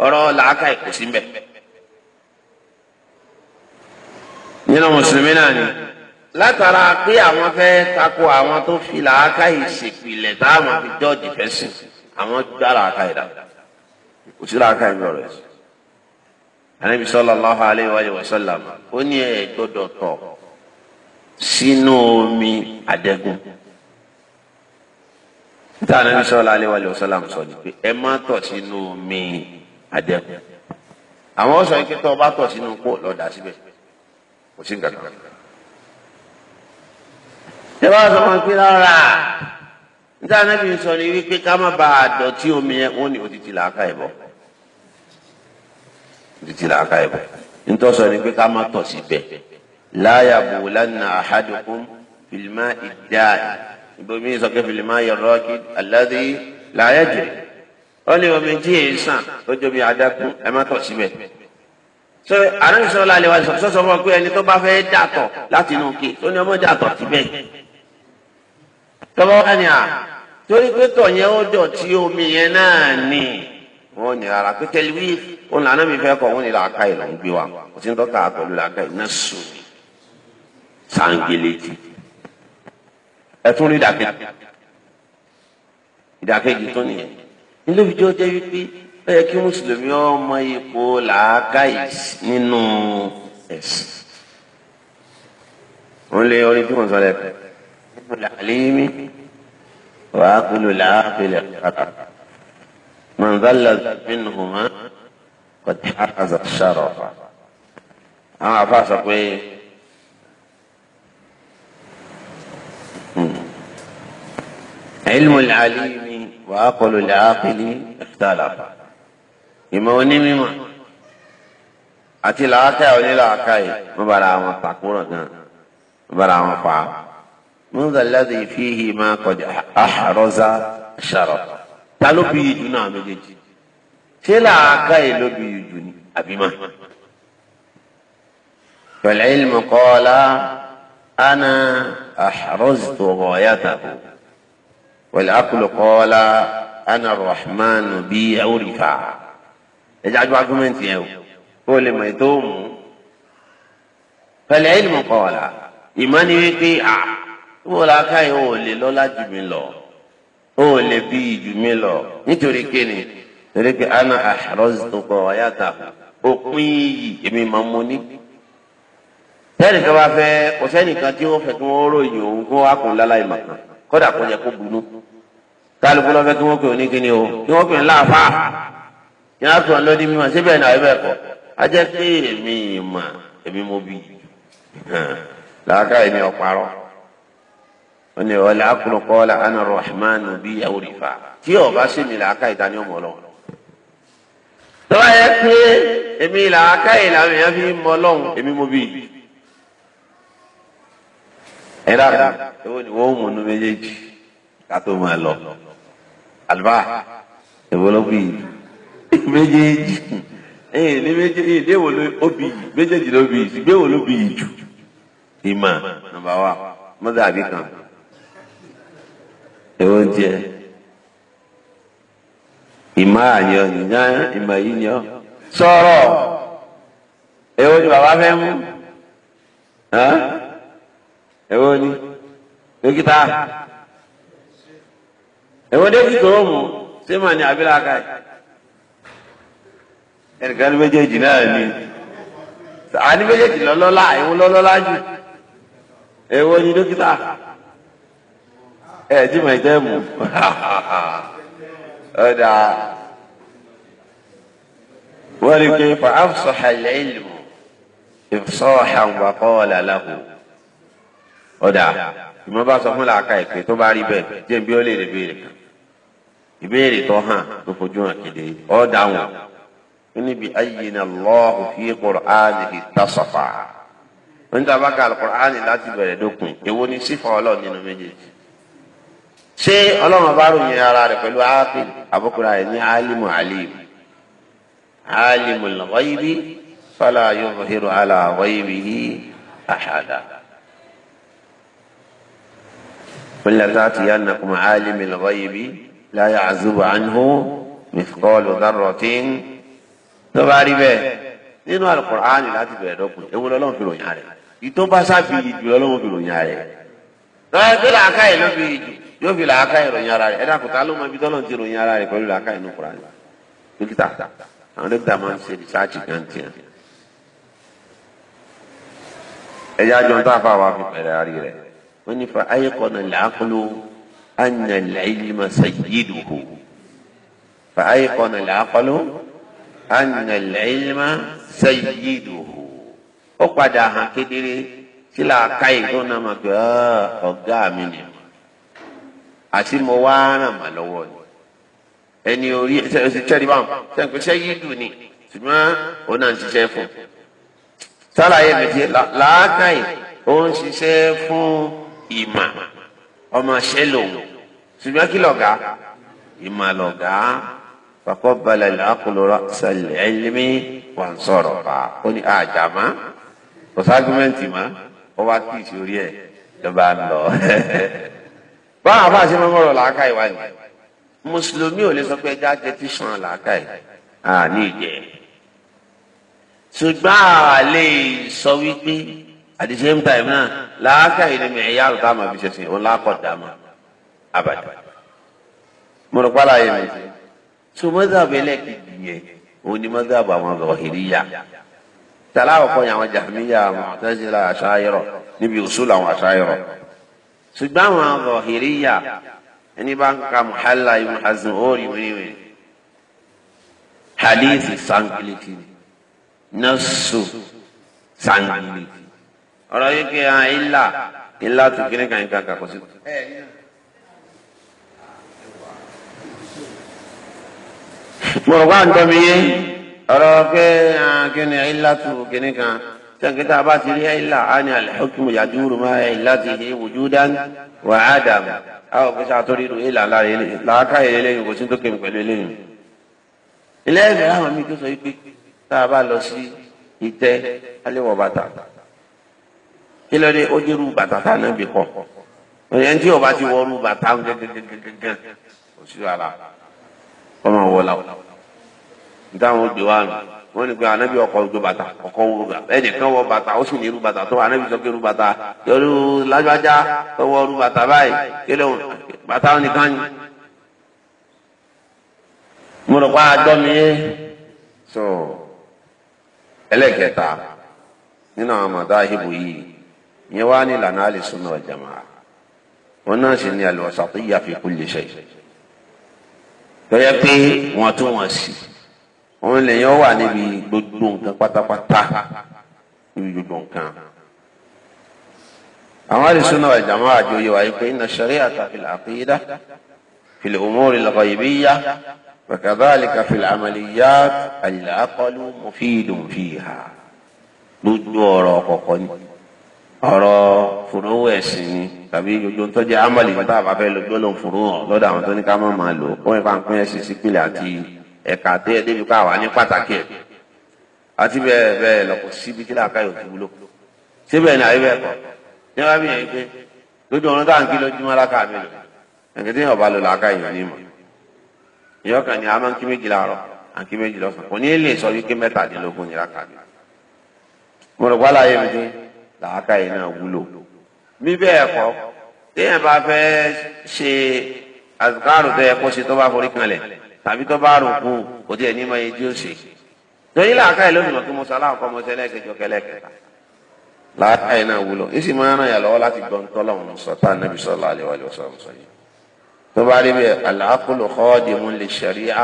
[SPEAKER 1] ọ̀rọ̀ làákà ìkùsí mbẹ nínú mùsùlùmí náà ni látara pé àwọn fẹ́ tako àwọn tó fi làákà ìṣèpìlẹ̀ táwọn fi jọ́ọ̀jì fẹ́ sìn àwọn gbá làákà ìdá kò sí làákà ìmọ̀ rẹ̀ sí. Ànábì sallallahu alayhi wa sallam ó ní ẹ̀ gbọ́dọ̀ tọ̀ sínú omi àdẹ́gùn. níta Ànábì sallallahu alayhi wa sallam sọ ni pé ẹ má tọ̀ sínú omi àdẹ́gùn. àwọn sọ pé tọ́ bá tọ̀ sínú kó lọ́ọ́ dà síbẹ̀ kò sí nǹkan kan ẹ wá sọ wọn pé rárá níta anábì ń sọ ni wípé ká má ba àdọ̀tí omi yẹn wọ́n ní òtítì làákà ẹ̀bọ̀ òtítì làákà ẹ̀bọ̀ nítòsọ ni pé ká má tọ̀ síbẹ̀ láyà bò lánà àhádùkún fìlímà ìdá ìbomi ìsọkẹ́ fìlímà yọ̀rọ̀ kí aládé láyà jẹ ó ní omi tí èyí sàn ó jọ bí adákún ẹ má tọ̀ síbẹ̀ so àrùn ìsọ̀rọ̀ làlẹ́ wa sọ̀sọ̀ fún ọ pé ẹni tó bá fẹ́ dàtọ̀ láti inú kí tó ní ọmọ dàtọ̀ síbẹ̀ tọ́ba wá ní à torí pé tọ̀yẹn ó dọ̀tí omi yẹn náà ni wọ́n ní ara pé tẹ̀lifí òun làánà mi fẹ́ kọ̀ wọ́n ní làákà yìí ló gbé wa kò sí ní tọ́ka pẹ̀lú làákà yìí náà sùn ní sangeleti ẹ̀tún rí ìdàkejì ìdàkejì tó nìyẹn nílé ìjọ jẹ́ wípé ó yẹ kí mùsùlùmí ọmọ ipò làákà yìí nínú ẹ̀sìn. wọ́n lé orin tí wọ́n sọ lẹ́kọ̀ọ́. العليم وعقل العاقل اختلف من ذل منهما قد حفظ الشرف àwọn àfa sọ pé ilmu alimi wa akọlu laakili ìtàlàfà ìmọ̀ onímọ̀ àti làákàyè onílàákàyè wọ́n bára àwọn pàkúrọ̀ gan wọ́n bára àwọn pa á. من ذا الذي فيه ما قد احرز شرط طلبي جنا مجي تلا كاي لبي جوني ابي ما فالعلم قال انا احرزت غايته والعقل قال انا الرحمن بي اورفع اجعلوا argument يو قول ما يتوم فالعلم قال ايماني بي wọ́n la ká yẹn ò lè jù mí lọ ò lè bí jù mí lọ nítorí kéde torí ana àhàrọ́sìtòkọ̀ ọ̀yàtà òpin yìí èmi máa mọ ní. sẹ́nìkan bá fẹ́ kò sẹ́nìkan tí wọ́n fẹ́ kí wọ́n ròyìn òun kó wá kún kódà yẹ kó bunú. kálukú o kí wọ́n pè ní láàfà yàrá tó ń lọ mímọ síbẹ̀ náà ẹ̀bẹ̀ kọ́ a jẹ́ pé èmi èmi mo bí wọ́n ní ọ̀lẹ́ akúrọ̀kọ́ la ana rahman bí awùrìfà tí ọba sí mi làákà ìta ni ọmọ ọlọ́run. tọ́wọ́ yẹ pé èmi làákà ìlànà yẹn fi mọ ọlọ́run èmi mo bí. ẹ dàgbà ewo ni wọ́n mú inú méjèèjì ká máa lọ. àlùbá èwo ló méjèèjì ẹ̀yìn ní méjèèjì ìdéwò ló bí méjèèjì ló bí ìsìgbéwò ló bí jù. ìmọ̀ nàbà mọ́tò àbí kan ẹ̀wọ́ jẹ́ ìmọ̀ àyàn nìyá ìmọ̀ yìí ni ọ́ sọ̀rọ̀ ẹ̀wọ́ ni bàbá fẹ́ mú ẹ̀wọ́ ni dókítà ẹ̀wọ́ dókítà ó mú ṣé màá ní abilá ká ẹ̀ ẹnìkan ní méjèèjì náà ni àní méjèèjì lọ́lọ́lá ẹ̀wọ́ lọ́lọ́lá jù ẹ̀wọ́ ni dókítà ẹ jí mọ̀ ìtẹ́ mú ọ̀dà wọ́n rí pé fa afsaha al-ilm ifsahan wa qala lahu ọ̀dà ìmọ̀ bá sọ fún làákà ìpè tó bá rí bẹ́ẹ̀ jẹ́ bí ó lè rí béèrè kan ìbéèrè tó hàn tó fojú hàn kéde ọ̀dà wọn níbi ayyina Allahu fi qur'anihi tasafa níta bá ka al-Qur'ani láti bẹ̀rẹ̀ dópin èwo ni sífà ọlọ́ọ̀ nínú méjèèjì ṣé ọlọ́run bá ròyìn ara rẹ̀ pẹ̀lú ápìl àbúkúra rẹ̀ ní alimu alim alimu lọ́wọ́yìbí fọlá yóò hírò àlà wọ́yìbí àṣàdá. قل لتأتينكم عالم الغيب لا يعزب عنه مثقال ذرة tó bá rí bẹ́ẹ̀ nínú alukur'ani láti bẹ̀rẹ̀ dọ́kun ewu lọ́lọ́run fi ròyìn rẹ̀ ìtọ́ bá sábì jù lọ́lọ́run fi ròyìn rẹ̀ lọ́yẹ̀ yóò fi làákà ìròyìn ara rẹ̀ ẹ̀dá kùtà ló mọ ibi tọ́lọ̀ ti ròyìn ara rẹ̀ pẹ̀lú làákà inú kura rẹ̀ dókítà àwọn dókítà máa ń ṣe rìsáàcì gan tiẹ̀. ẹ̀yà àjọ ń tàfà wà fi pẹ̀lẹ́ àrí rẹ̀ wọ́n ní fa ayé kọ́nà làákùlù ànà làílìmọ̀ sayyiduhu fa ayé kọ́nà làákùlù ànà làílìmọ̀ sayyiduhu ó padà hàn kedere sí làákà ìdúnnà mọ̀ pé ọ̀gá mi nìyẹn àti mo wá ràn mà lọ́wọ́ ni ẹni orí tẹ́lẹ̀ bá tẹ́lẹ̀ pé iṣẹ́ yìí dùn ni ṣùgbọ́n òun náà ń ṣiṣẹ́ fún un sálàyé mi ti làákàyè ó ń ṣiṣẹ́ fún ìmà ọmọ ṣẹlẹ̀ ṣùgbọ́n kí lọ̀gá ìmà lọ̀gá faqabbala al-aqlu ra'sa al-ilmi wa ansarafa ó ní àjàmá kò ságúmẹ́ǹtì má ó wá kí ìṣòrí ẹ̀ ló bá ń lọ. báwọn àbá ṣe máa ń rọrọ làákà ìwà ìwà mùsùlùmí ò lè sọ pé ẹja jẹ tí sàn làákà ì àní ìjẹ ṣùgbọ́n àlè sọ wípé at the same time náà làákà ìlú mi ẹ̀yà àrùtá àmọ́ fi ṣẹ̀ṣẹ̀ òun lákọ̀ dàmọ́ abàdà mo rò pálá yẹn mi so mọ́tàbí ẹlẹ́kìtì yẹn òun ni mọ́tàbí àwọn ọ̀rọ̀ ìrìyà tàlà àkọ́kọ́ yẹn àwọn jàmíyà àwọn àtẹ́sílẹ̀ àṣà ayọ̀rọ̀ níbi òṣùlù àwọn àṣà ayọ̀rọ̀ ṣùgbọ́n àwọn Zahiriyya ẹni bá ń ka Muhalla ibn Hazm ó rí wíwí hadithi sangiliki nasu sangiliki ọ̀rọ̀ yìí kì í hàn ilà ilà tó kiri kan kan kà kó sí. mo rò wá ń tọ́ mi yé ọ̀rọ̀ pé kí ni ilà tó kiri kan tẹ̀kítà bá ti rí ẹ̀yìnlá á ní al-hukmu yaduru ma'a illatihi wujudan wa adam àwọn òkúta àtọ́rí ìlú ìlà làákà eléyìí kò sí tó kéwì pẹ̀lú eléyìí. ilé ẹ̀mí àwọn mi tó sọ pé tá a bá lọ sí ìtẹ́ aléwọ̀ bàtà kí ló dé ó dérú bàtà tá a náà bì kọ́
[SPEAKER 2] ẹni tí ọba ti wọrú
[SPEAKER 1] bàtà gẹ́gẹ́gẹ́gẹ́gẹ́ kò sí ara ọmọ wọlá nítawọn ó gbé wá nù wọ́n ní pé anabi ọkọ̀ ojú bàtà ọkọ̀ wúru gà ẹnìkan wọ bàtà ó sì ní irú bàtà tó anabi sọ pé irú bàtà yọrù lágbájá tó wọ irú bàtà báyìí kéde òun bàtà nìkan ni. mo rò pa àjọ mi yé so ẹlẹ́kẹta nínú àwọn madahibu yìí ìyẹn wá ní ìlànà ahli sunna wal jamaa wọn náà sì ní al-wasatiyya fi kulli shay tó yẹ pé wọ́n tún wọ́n sí i òun lèyàn wà níbi gbogbo nǹkan pátápátá níbi gbogbo nǹkan. àwọn àdìsúná ìjàmọ́ àjò yìí wáyé pé iná ṣẹ̀rí àtàfilà àkídá fìlẹ̀ òmùrè lọ́kọ̀ yìí bí yá wàkàdálìkà fìlẹ̀ àmàlìyá àlìlàákọ́lù mọ̀fíìdùn fìhà gbogbo ọ̀rọ̀ ọ̀kọ̀ọ̀kọ̀ ni ọ̀rọ̀ fúrúwò ẹ̀sìn ni tàbí gbogbo tó jẹ́ amọ̀lì nígbà bá fẹ́ lọ́dọ̀ fúrúwò lọ́dọ̀ àwọn tó ní ká má máa lò ó pọ́n ìpàǹpẹ́ ẹ̀sìn sípìlẹ̀ àti ẹ̀ka tẹ́ ẹ débi pa àwa ní pàtàkì ẹ̀ àti bẹ́ẹ̀ bẹ́ẹ̀ lọ́kọ̀ síbi kí làákà yóò fi wúlò síbẹ̀ ní àyẹ̀bẹ̀ kọ̀ ní wàá bìyànjú pé lójú ọ̀run tá à ń kí lójúmọ́ láká mi lò ẹ̀kẹ́ tí yóò bá lò làákà èèyàn ní mọ̀ ìyọ́ kan ní a máa ń kí méjì láàárọ̀ à ń kí méjì lọ́sàn kò ní lè sọ wípé mẹ́tàdínlógún ní láká mi mo rò wálá yẹ mi dé làákà yìí náà wúlò bí bẹ́ẹ̀ kọ́ téèyàn bá fẹ́ ṣe àzùkárù tó yẹ tàbí tó bá rùkú kò tí ẹ̀ ní mọ̀ye tí ó ṣe. torí làákà yìí lónìí mọ̀kí mọ̀sá aláwọ̀ kọ́ mọ̀sá ẹlẹ́ẹ̀kẹjọ kẹlẹ́kẹta. làákà yìí náà wúlò yìí sì máa ń ràn yà lọ́wọ́ láti gbọ́n tọ́lọ́run sọ tá nàbì sọ́lá àlewálé ọ̀sán sọ yìí. tó bá rí bẹ́ẹ̀ al-aqlu khadimun lish-shari'a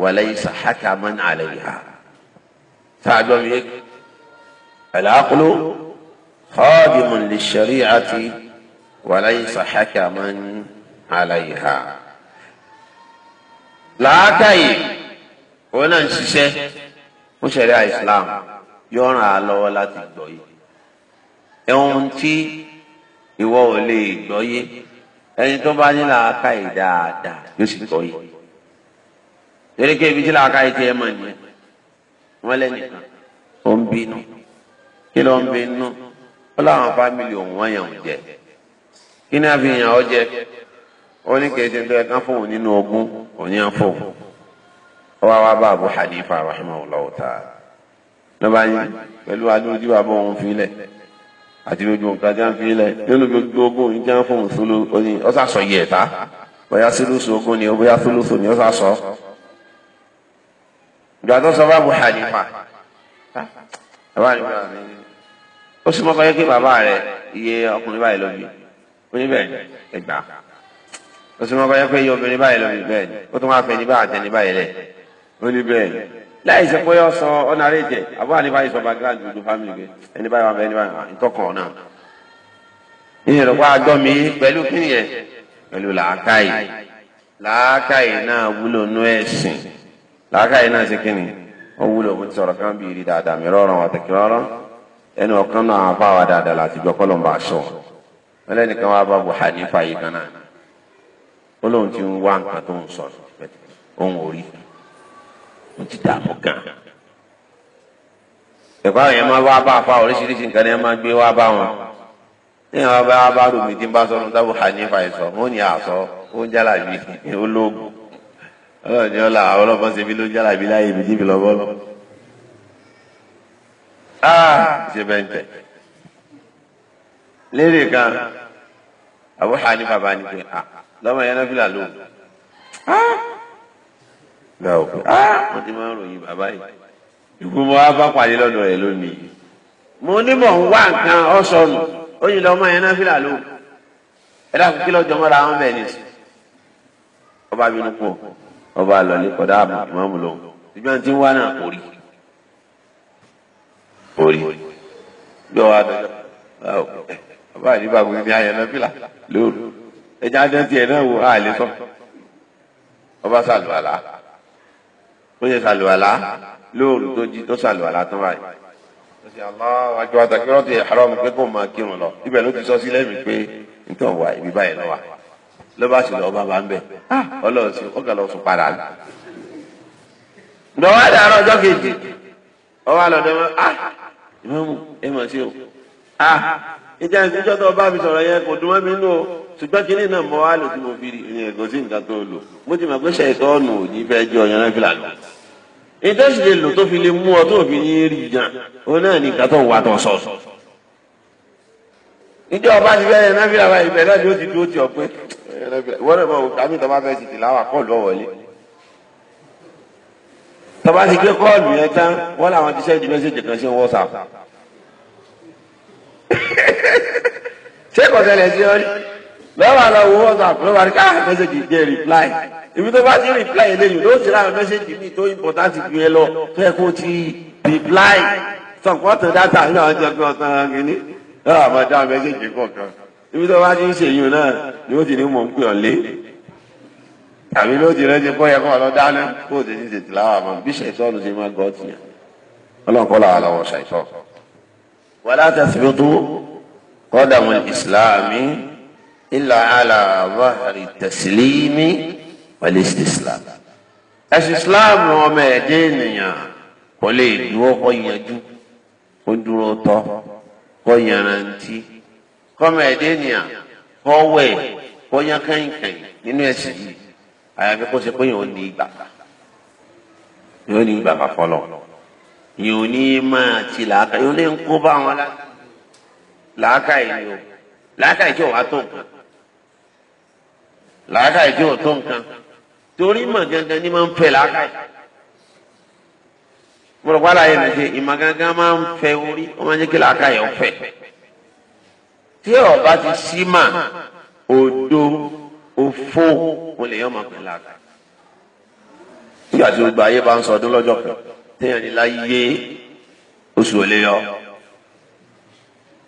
[SPEAKER 1] wa laysa hakaman 'alayha. sáájọ́ mi yé al-aqlu làákàyè òun náà ń ṣiṣẹ́ fún ṣẹ̀ríà Islam yóò ràn á lọ́wọ́ láti gbọ́ yìí ẹ̀hún tí ìwọ ò lè gbọ́ yé ẹni tó bá ní làákàyè dáadáa yóò sì gbọ́ yé eréke ibi tí làákàyè tiẹ̀ mọ̀ nìyẹn wọ́n lẹ́nìkan ó ń bínú kí ló ń bínú ó láwọn fámìlì òun wọ́n yàn jẹ kí ni àfihàn ọ jẹ ó ní kìí ṣe tó yẹ kán fóun nínú ogún òní án fóun ó wá wá bá Abu Hanifa rahimahullah ta'ala lọ́ba yín pẹ̀lú adójú bàbá òun fílẹ̀ àti gbogbo nǹkan tí wọ́n fílẹ̀ nínú gbogbo ogún yìí tí wọ́n fóun sólú oní ọ́sàsọ yìí ẹ̀ta bóyá sílùsù ogún ni bóyá sílùsù ni ọ́sàsọ. ìgbà tó sọ bá Abu Hanifa ah, bàbá rẹ̀ ó sì mọ́ kọ́ kí bàbá rẹ̀ iye ọkùnrin báyìí lọ bí oníbẹ̀ ẹgbàá ó sì mọ́ kọ́ yẹ pé iye obìnrin báyìí lọ́mí bẹ́ẹ̀ ni ó tún wá fẹ́ ní bá àtẹni báyìí lẹ̀ ó ní bẹ́ẹ̀ ni láì ṣe pé ó sọ ọ̀nà rẹ̀ jẹ́ àbúrò àníbáyìí sọ background gbogbo family gbé ẹni báyìí wà bẹ́ẹ̀ ni báyìí wà ìtọ́kàn ọ̀nà ìyẹn lọ́pọ̀ àjọ mi pẹ̀lú kí nìyẹn pẹ̀lú làákàyè làákàyè náà wúlò nú ẹ̀sìn làákàyè náà ṣe kí ni ó wúlò mo ti sọ̀rọ̀ kan bí rí dáadáa mi rọrùn ọ̀tẹ̀kì rọrùn ẹni ọ̀kan náà àfa wa dáadáa láti jọ kọ́lọ̀ ń bá aṣọ ẹlẹ́nìkan wa bá bu Hanifa yìí kan náà ó lóun ti ń wá nǹkan tó ń sọ òun ò rí ó ti dààmú gan.
[SPEAKER 2] ẹ̀kọ́ àwọn yẹn máa wá bá àfa oríṣiríṣi
[SPEAKER 1] nǹkan ni wọ́n máa gbé wá bá wọn ní àwọn bá wá bá rumi tí ń bá sọnù tábù hanifa ẹ̀ sọ wọ́n ní àsọ ó ń jálà bí ológun ọlọ́run ni ọ̀la àwọn ọlọ́mọ ṣe bí ló ń jálà bí láyé ibi níbi lọ́wọ́ lọ. ṣe bẹ́ẹ̀ tẹ̀ lérè kan àbúhà ní bàbá ni pé ah lọ́mọ yẹn náà fìlà lò gba òpin mo ti máa ń ròyìn bàbá yìí ìgbó mo wá bá pàdé lọ́dọ̀ rẹ̀ lónìí mo ní mò ń wá nǹkan ọ̀sọ̀nù ó yin lọ́mọ yẹn náà fìlà lò ẹ dákun kí lọ́jọ́ mọ́ra àwọn bẹ́ẹ̀ nìsí ọba bínú pọ̀ ọba àlọ́lé kọ̀dá àmọ́ lòun ìgbọ́n tí ń wá náà kò rí gbọ́ wa dọ́jọ́ bàbá àdìbàgbé ní ayẹyẹ náà fìlà ẹja dán tiẹ̀ náà wò á lè sọ ọba sàlùwàlà ó ṣe sàlùwàlà lóòrù tó jí tó sàlùwàlà tó báyìí ó ṣe aláwọ àjọ àtàkìrọ ti pé kó máa kírun lọ ibẹ̀ ló ti sọ sí lẹ́mìí pé nítorí wà ibi báyìí lọ wà ló bá sì lọ́ọ́ bá bá ń ah, ọlọ́run lọ sùn padà ọjọ́ kejì ah, ẹ̀ mọ̀ o ah, ìsúnjọ́ mi sọ̀rọ̀ kò dùn mọ́ ṣùgbọ́n kí ní náà mọ wá lò tí mo fi rìn ẹ̀gọ́ sí nǹkan tó lò mo ti mọ̀ pé ṣẹ̀ṣẹ̀ ọ̀nà ò ní fẹ́ jọ yan fìlà lọ. ìtẹ́sí lè lò tó fi lè mú ọ tó fi ní rí jan òun náà ní nǹkan tó ń wá tó sọ. ìjọ ọba ti fẹ́ yan fìlà wa ìbẹ̀ náà ni ó ti dúró ti ọ̀pẹ. Eh, wọ́n náà mọ̀ àmì ìtọ́ bá fẹ́ ti tìlà wà kọ́ọ̀lù ọ̀wọ́lé. tọ́ba ti gbé kọ́ọ̀lù yẹn tán wọ́n làwọn ti sí ọ́ lọ́wọ́ àlọ́wọ́ WhatsApp ló wà ní káà mẹ́sẹ̀gì jẹ́ reply ibi tó bá ti reply eléyìí ló ti ra àwọn mẹ́sẹ̀gì mi tó important ju ẹ lọ tó kó ti reply sọ̀kọ́ tó dáta ní àwọn jẹ́ pé ọ̀sán kìíní lọ́wọ́ àmọ́ dá mẹ́sẹ̀gì kọ̀ọ̀kan ibi tó bá ti ń ṣèyí náà ni ó ti ní mọ̀ ń pè ọ́ lé tàbí ló ti rẹ́ ti kọ́ yẹ kọ́ ọ lọ dáná kó o ti ti tètè láwà illa ala zahri taslimi wal istislam ẹ̀sìn islam ọmọ ẹ̀dẹ́ ènìyàn kò lè dúró kó yanjú kó dúró tọ́ kó yanrantí kọ́mọ ẹ̀dẹ́ ènìyàn kó wẹ̀ kó yan kẹ́yìnkẹ́yìn nínú ẹ̀sìn yìí àyàfi kó ṣe pé yóò ní ìgbà yóò ní ìgbà kọ́lọ̀ yóò ní máa ti làákà yóò ní ń kó bá wọn láàkà yìí o làákà yìí tí ò wá tó nǹkan làákàyè tí ò tó nǹkan torí ìmọ̀ gangan ni máa ń fẹ́ làákàyè mọ̀rọ̀pá láyé mi ṣe ìmọ̀ gangan máa ń fẹ́ orí ó máa ń jẹ́ kí làákàyè ọ̀fẹ́ tí ọba ti ṣí mà òdo òfo mo lè yọ ọmọ pẹ̀lú làákàyè nígbà tí gbogbo ayé bá ń sọ ọdún lọ́jọ́ kan téèyàn ní láyé oṣù ò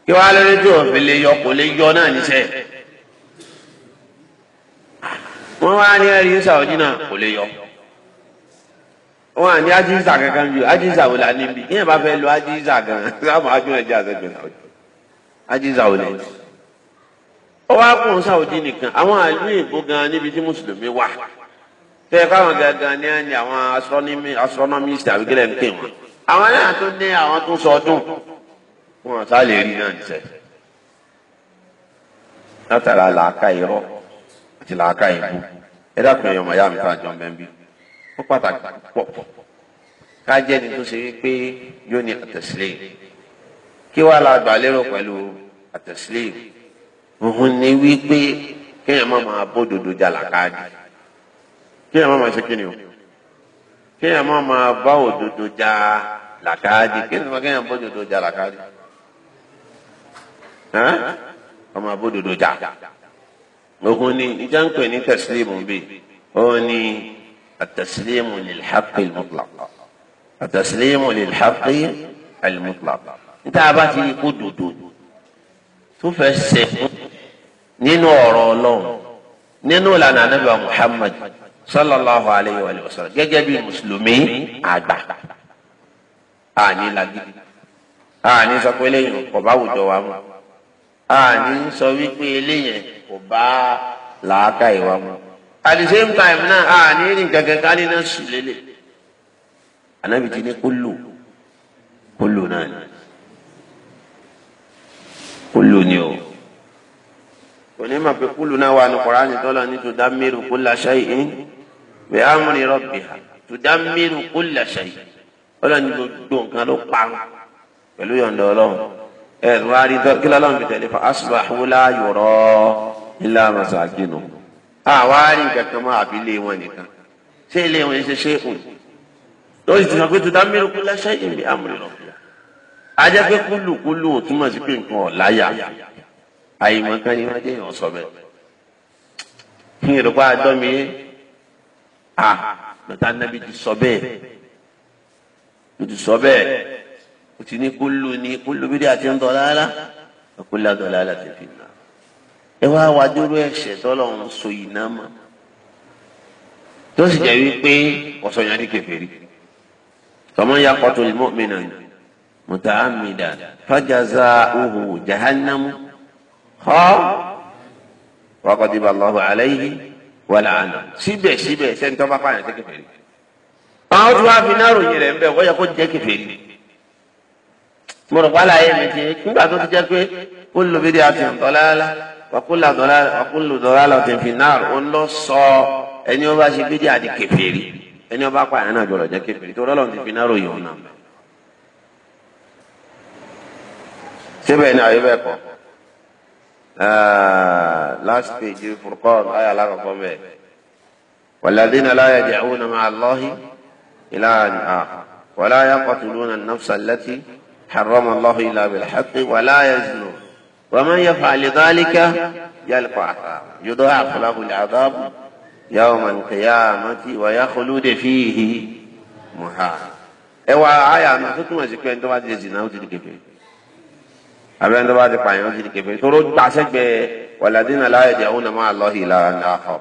[SPEAKER 1] kí wàá lórí tí òfin lè yọ kò lè yọ náà níṣẹ́ wọ́n wá ní ẹ̀rí Saudi náà kò lè yọ wọ́n à ní ajíza kankan ju ajíza wò la níbi yẹn bá fẹ́ lo ajíza gan sáàmù ajú ẹ̀jẹ̀ àtẹ̀gbẹ̀ Saudi ajíza wò lẹ́yìn ó wá kún Saudi nìkan àwọn àlú èbó gan níbi tí mùsùlùmí wà tẹ káwọn gangan ní ẹni àwọn astronomy astronomist àbíkẹ́lẹ̀ ń pè wọn àwọn náà tún ní àwọn tún sọdún wọn sá lè rí náà níṣẹ́ látara làákà irọ́ àti làákà ìbú ẹ dákun ẹyọ màyà mi tá a jọ bẹ ń bí ó pàtàkì pọ̀ ká jẹ́ ni tó ṣe wípé yóò ní àtẹ̀sílẹ̀ kí wàá la gbà lérò pẹ̀lú àtẹ̀sílẹ̀ òun ni wípé kéèyàn má máa bódodo jà làkàdì kéèyàn má máa ṣe kí ni o kéèyàn má máa bá òdodo jà làkàdì kéèyàn má kéèyàn bódodo jà làkàdì ọmọ abódodo jà òhun ni ìjà ń pè ní tẹ̀sílímù bí òhun ni àtẹ̀sílímù lìlḥàqì mùtàlá àtẹ̀sílímù lìlḥàqì mùtàlá níta bá ti kú dòdò tó fẹ́ sẹ́kún nínú ọ̀rọ̀ ọlọ́run nínú ìlànà anábìá Muhammad sallallahu alayhi wa sallam gẹ́gẹ́ bí mùsùlùmí àgbà àní lagidi àní sọ pé eléyìí kò bá wùjọ wa mu àní sọ wípé eléyìí kò bá làákà ìwà mu at the same time náà a ní ní gàgà ká ní náà sùn lélẹ̀ ànábì ti ní kúlù kúlù náà ni kúlù ni o onímọ̀ pé kúlù náà wà ní Kùránì tọ́lá ní tó dá mẹ́rù kulla shay'in bi amri rabbiha tó dá mẹ́rù kulla shay'in ọlọ́ni gbogbo nǹkan ló pa pẹ̀lú yọ̀ǹda ọlọ́run ẹ̀rù arí kí lọ́lọ́run fi tẹ̀lé fa asbahu la ńlá masakinu àwárí nǹkan kan mọ́ àfi ilé wọn nìkan ṣé ilé wọn ṣe ṣe kù lórí ti sọ pé tó dá mírùkú lẹ́sẹ̀ ìmì àmúlò ajẹ́ pé kúlùkúlù ò túmọ̀ sí pé nǹkan ọ̀láyà àyìnbọn kan ni wọ́n dé èèyàn sọ bẹ́ẹ̀ ní ìrọ̀pá àdọ́mi yé lọ́tà nàbí ti sọ bẹ́ẹ̀ ó ti sọ bẹ́ẹ̀ ó ti ní kúlù ní kúlù bídí àti ń dọ̀ lára kúlù àdọ̀ lára ti fi nà ẹ wá wájúrú ẹ̀ṣẹ̀ tọ́lọ́run so iná mọ́ tó sì jẹ́ wípé ọ̀sọ̀yàn ní kèfèrí kọ́mọ́ ya kọ́tù mọ́mìnà mùtàmìdà fàjàzà òhù jahannamu kọ́ wàkọ̀dìbà lọ́wọ́ aláìhí wàlà àná síbẹ̀síbẹ̀ sẹ́ńtọ́ bá pààyàn sí kèfèrí. àwọn tó wá fi náà ròyìn rẹ̀ ń wọ́n yẹ kó jẹ́ kèfèrí mo rò pálá ayé mi ti nígbà tó ti jẹ́ pé ó lóbi dé àti ìtọ́lá wàkúlù dọ́là lọ́tẹ̀ fìnnàr ó lọ sọ ẹni ó bá ṣe bídí àdí kẹfẹ́rí ẹni ó bá pa àyàn náà jọlọ jẹ kẹfẹ́rí tó lọ́lọ́ ti fìnnàr òyìn ọ̀nà. síbẹ̀ ni àyè bẹ́ẹ̀ kọ́ last page Furqan ayé alákọ̀ọ́kọ́ bẹ́ẹ̀
[SPEAKER 2] wàlàdínà láyé jẹ́ àwọn
[SPEAKER 1] ọmọ àlọ́hí ìlànà àhà. ولا يقتلون النفس التي حرم الله إلا بالحق ولا يزنون ومن يفعل ذلك يلقى عذاب يضاعف له العذاب يوم القيامة ويخلد فيه مهانا ẹwà àyà náà tó túmọ̀ sí pé ẹni tó bá ti zìnà ó ti di kẹfẹ́ àbẹ ẹni tó bá ti pààyàn ó ti di kẹfẹ́ tóró gbàṣẹgbẹ wàlàdínà láyé di àwọn ọmọ àlọ́hìn lára ní afọ.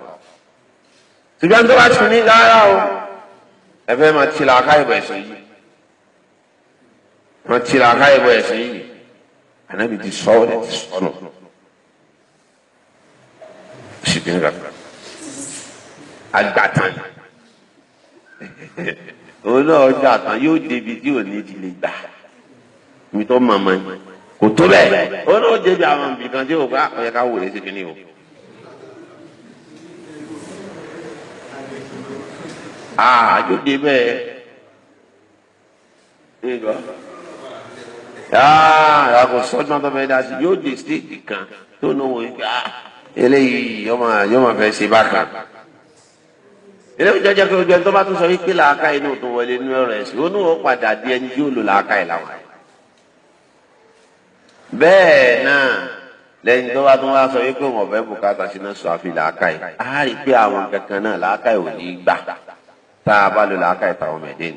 [SPEAKER 1] ṣùgbọ́n tó bá ti ní rárá o ẹ fẹ́ máa ti ìbọ̀ ẹ̀sìn yìí máa ti ìbọ̀ ẹ̀sìn yìí anabi ti sọ ọ dẹ ti sọ nù sibiri la agbatan òun náà ọjọ́ àtàn yóò débi tí ò ní ti lè gbà mi tó màmá yìí kò tó bẹ́ẹ̀ òun náà débi àwọn nǹkan tí ò bá ọ̀yẹ́ ká wòlé sí kínní o. àjò débẹ̀ ẹ̀ àgọ ah, sọdún tó fẹ́ dá sí yóò dé stéèjì kan tó nù wọn pé eléyìí yóò máa fẹ́ ṣe bákan. eléyìí jẹjẹ pé ojú ẹni tó bá tún sọ wípé làákà inú tó wọlé inú ẹ̀rọ ẹ̀sìn ó ní wọn padà di ẹni yóò lò làákà ẹ làwọn. bẹ́ẹ̀ náà lẹ́yìn tó bá tún wá sọ wípé wọn fẹ́ bùkátà sí náà sọ àfi làákà ẹ á rí i pé àwọn kankan náà làákà ẹ ò ní gbà tá a bá lò làákà ẹ tàwọn mẹdẹ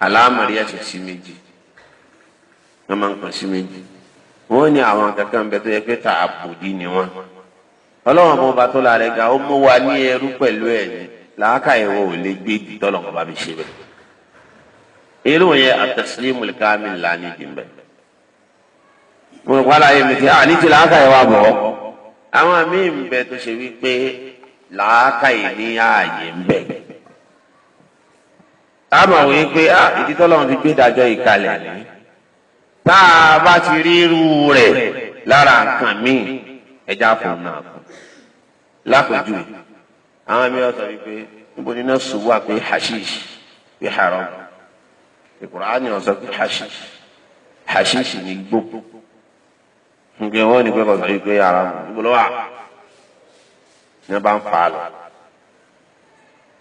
[SPEAKER 1] ala ẹ̀sùn si méjì wọ́n máa ń ma sí méjì wọ́n ní àwọn kankan bẹ tó yẹ ta àbòdì ni wọ́n ọlọ́wọ́n bó tó la ga ó mú wa ní ẹrú pẹ̀lú ẹ̀ làákà ìwọ ò lè gbé tọ́lọ̀ kọ́ bá mi ṣe bẹ́ẹ̀ irú yẹn àtẹ̀sílímù kámi là ní ìdìbẹ̀ mo rò mi ti à ní ti làákà ìwà bọ̀ àwọn míì ń bẹ tá a mọ̀ wí pé ah, ìdí tọ́lọ́run ti gbé a bá ti rí irú rẹ̀ lára nǹkan míì ẹja fún náà lápẹjù àwọn mi sọ wípé níbo ni náà ṣubú àpé hashish pé haram ìkùránì ọsọ pé hashish hashish ní gbó nǹkan wọn ni pé kọsọ wípé haram níbo ló wà ní wọn bá fa lọ.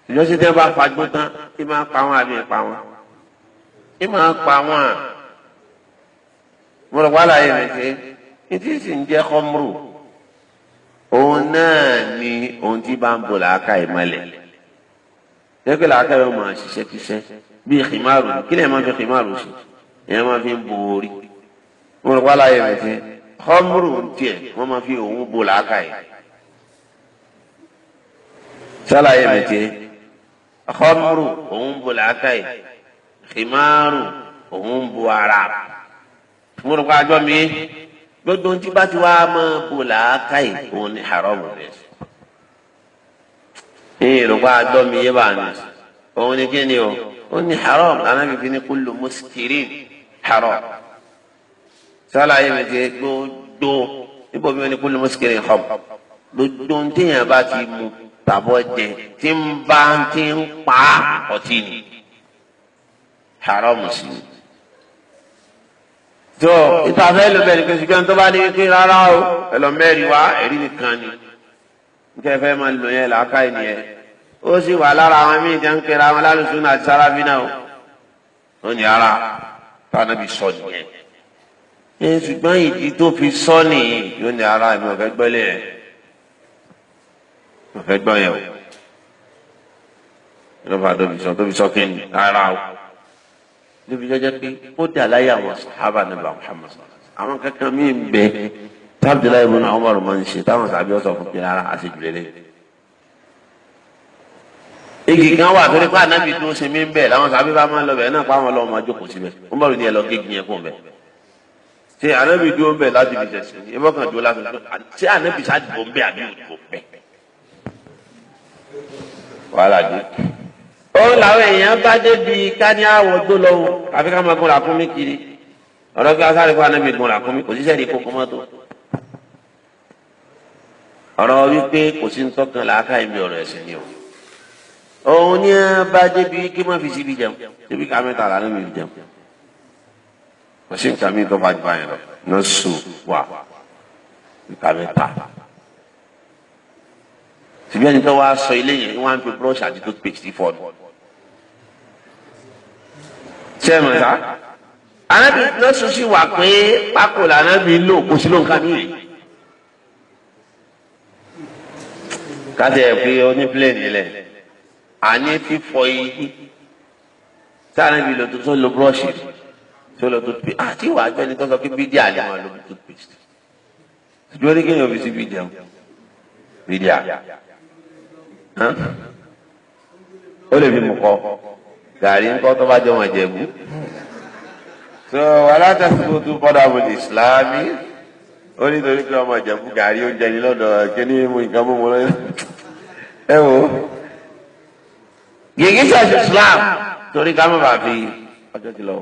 [SPEAKER 1] ìjọsìn tẹ́ bá fagbọ́n tán ẹ máa pa wọn àbí ẹ pa wọn ẹ máa pa wọn mo rò wá láyé rẹ̀ pé ìdí sì ń jẹ́ kọ́mùrù òun náà ni ohun tí bá ń bo làákà ìmọ̀lẹ̀ jẹ́pẹ́ làákà yóò máa ṣiṣẹ́ kíṣẹ́ bíi kìmáàrù kí lè máa fi kìmáàrù ṣe ìyẹn máa fi ń bo orí mo rò wá láyé rẹ̀ pé kọ́mùrù tiẹ̀ wọ́n máa fi òun bo làákà yìí sálàyé rẹ̀ tiẹ̀ xɔmuru òun bu làákàyè ximaru òun bu ara múlò kó àjọ mi gbogbo ntí bá ti wá mọ bu làákàyè òun ni haramu bẹ ní ìrùkọ àjọ mi yé bá ní òun ni kíni o ó ní haram anábì fi ní kullu muskirin haram mi ti gbogbo níbo mi ò ní kullu muskirin haram gbogbo ntí yẹn bá ti mú tàbọ̀ jẹ tí ń bá ń tí ń pa ọtí ni haramu sí i. tó ìtàfẹ́ ló bẹ̀rẹ̀ pé ṣùgbọ́n tó bá ní wípé rárá o ẹlọ́mẹ́rin wá ẹ̀rí nìkan ni nítorí fẹ́ máa lò yẹn làákà ènìyàn ó sì wà lára àwọn míì tí wọ́n ń pera wọn lálùsùn náà àti sárábí náà o. ó ní ara tánàbí sọ nìyẹn. ṣùgbọ́n ìdí tó fi sọ nìyí yóò ní ara ìmọ̀ ọ̀gá gbọ́lẹ̀ yẹn kò fẹ́ gbọ́ yẹn o ìlọ́fà tóbi sọ tóbi sọ kíni ara o tóbi sọ jẹ́ pé kódà láyé àwọn sàhábà nílò Muhammad àwọn kankan mí bẹ tábìlá ìbọn àwọn ọmọ rẹ máa ń ṣe táwọn sàbí ọsọ fún pé ara àṣejùlẹ lẹ́yìn igi kan wà torí pé anabi dúró sí mi bẹ́ẹ̀ làwọn sábẹ́ bá máa ń lọ bẹ́ẹ̀ náà pa àwọn ọlọ́wọ́ máa jókòó síbẹ̀ wọ́n bá rò ní ẹ lọ gégi yẹn fún bẹ́ẹ̀. ṣé anabi dúró bẹ́ẹ̀ láti fi tẹ̀sí ẹ bọ́ dúró láti fi ṣé anabi sáà dúró bẹ́ẹ̀ àbí òdìbò bẹ́ẹ̀ wàhálà dé. òun làwọn èèyàn bá débi ká ní àwọ̀ gbó lọ́wọ́ àfi ká máa gun ràkúnmí kiri ọ̀rọ̀ kí asáré fún anábì gun ràkúnmí kò síṣẹ́ ní kókó mọ́tò. ọ̀rọ̀ wípé kò sí ntọ́kan làákà ìmì ọ̀rọ̀ ẹ̀sìn ni o. òun ní a bá débi kí má fi síbi jẹun débi ká mẹ́ta làánú mi jẹun. kò sí nǹkan mi tó bá gbà yẹn lọ nọ́ọ̀sù wà nǹkan mẹ́ta ṣùgbọ́n ẹni tó wá sọ eléyìí wọ́n á fi brush àti toothpaste fọ́ ni. ṣé ẹ mọ̀ sá? anábì lọ́sùn sì wà pé pákó lànábì lò kó sí ló ń ká ní yìí. káṣí ẹ̀ pé onípìlẹ̀nì lẹ̀ àní fífọ iyì sáànábì lò tó lo brush tó lo toothpaste àti ah, ìwà àjọ ẹni tó sọ pé bídíà ni wọ́n lo toothpaste. ṣùgbọ́n ní kéèyàn fi sí bídíà bídíà ó lè fi mú kọ gàrí ńkọ tó bá jẹ wọn jẹ̀bú. so alátàsíkò tún bọ́dà mo ní ìsìláàmì ó ní torí pé ọmọ ìjẹ̀bú gàrí ó jẹni lọ́dọ̀ kíní mu nǹkan mú mu lọ́yọ́ ẹ wò ó. gègé ṣàṣù islam torí ká má bàa fi ọjọ́ ti lọ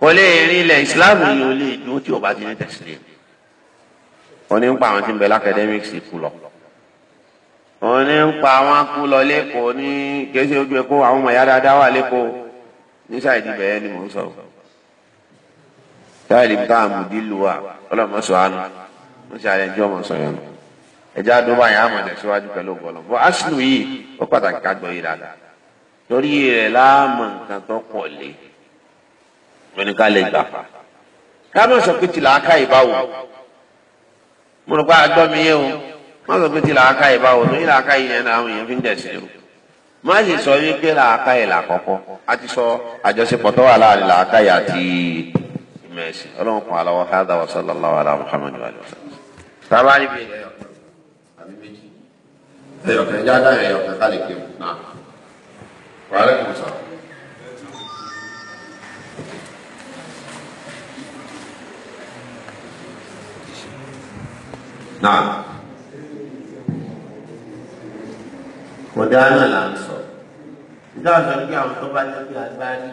[SPEAKER 2] kò lè rí ilẹ̀ islam yìí ó
[SPEAKER 1] lè dúró tí ò bá ti ní tẹ̀sílẹ̀. ó ní ń pa àwọn tí ń bẹ lákàdẹ́míkì sí kú òun ní ń pa àwọn akú lọ lẹ́kọ̀ọ́ ní kéṣe ojú ẹ̀kọ́ àwọn ọmọ ìyá dáadáa wà lẹ́kọ̀ọ́ ní sáìdì bẹ́ẹ̀ ni mò ń sọ. táìlì bá àmùdí lu wa ọlọ́mọ sọ àánú mo ṣe àlẹ́ ẹjọ́ ọmọ sọ yẹn nù. ẹja àdúrà yẹn àmọ̀ ẹ̀ síwájú pẹ̀lú ọ̀pọ̀lọ̀ bọ́ aṣọ yìí ó pàtàkì ká gbọ́ yìí má sọ pé tí làákà yìí bá wò tó yìí làákà yìí yẹn làwọn èèyàn fi ń dẹ̀sìn o má sì sọ wípé làákà yìí làkọ́kọ́ a ti sọ àjọṣepọ̀ tó wà láàrin làákà yìí àti ìmẹ̀sìn ọlọ́run kan aláwọ̀ hádà wa sallallahu ala muhammadu wa sallam. sábà níbi ẹ̀yọ̀kan àbí méjì
[SPEAKER 2] ẹ̀yọ̀kan ẹ̀yà dá ẹ̀yọ̀kan ká lè kí o
[SPEAKER 1] náà wàhálà kò sọ. Nah. kọ̀dá náà là ń sọ. ìdáhùn sọ pé àwọn tó bá jẹ́ pé agbárí.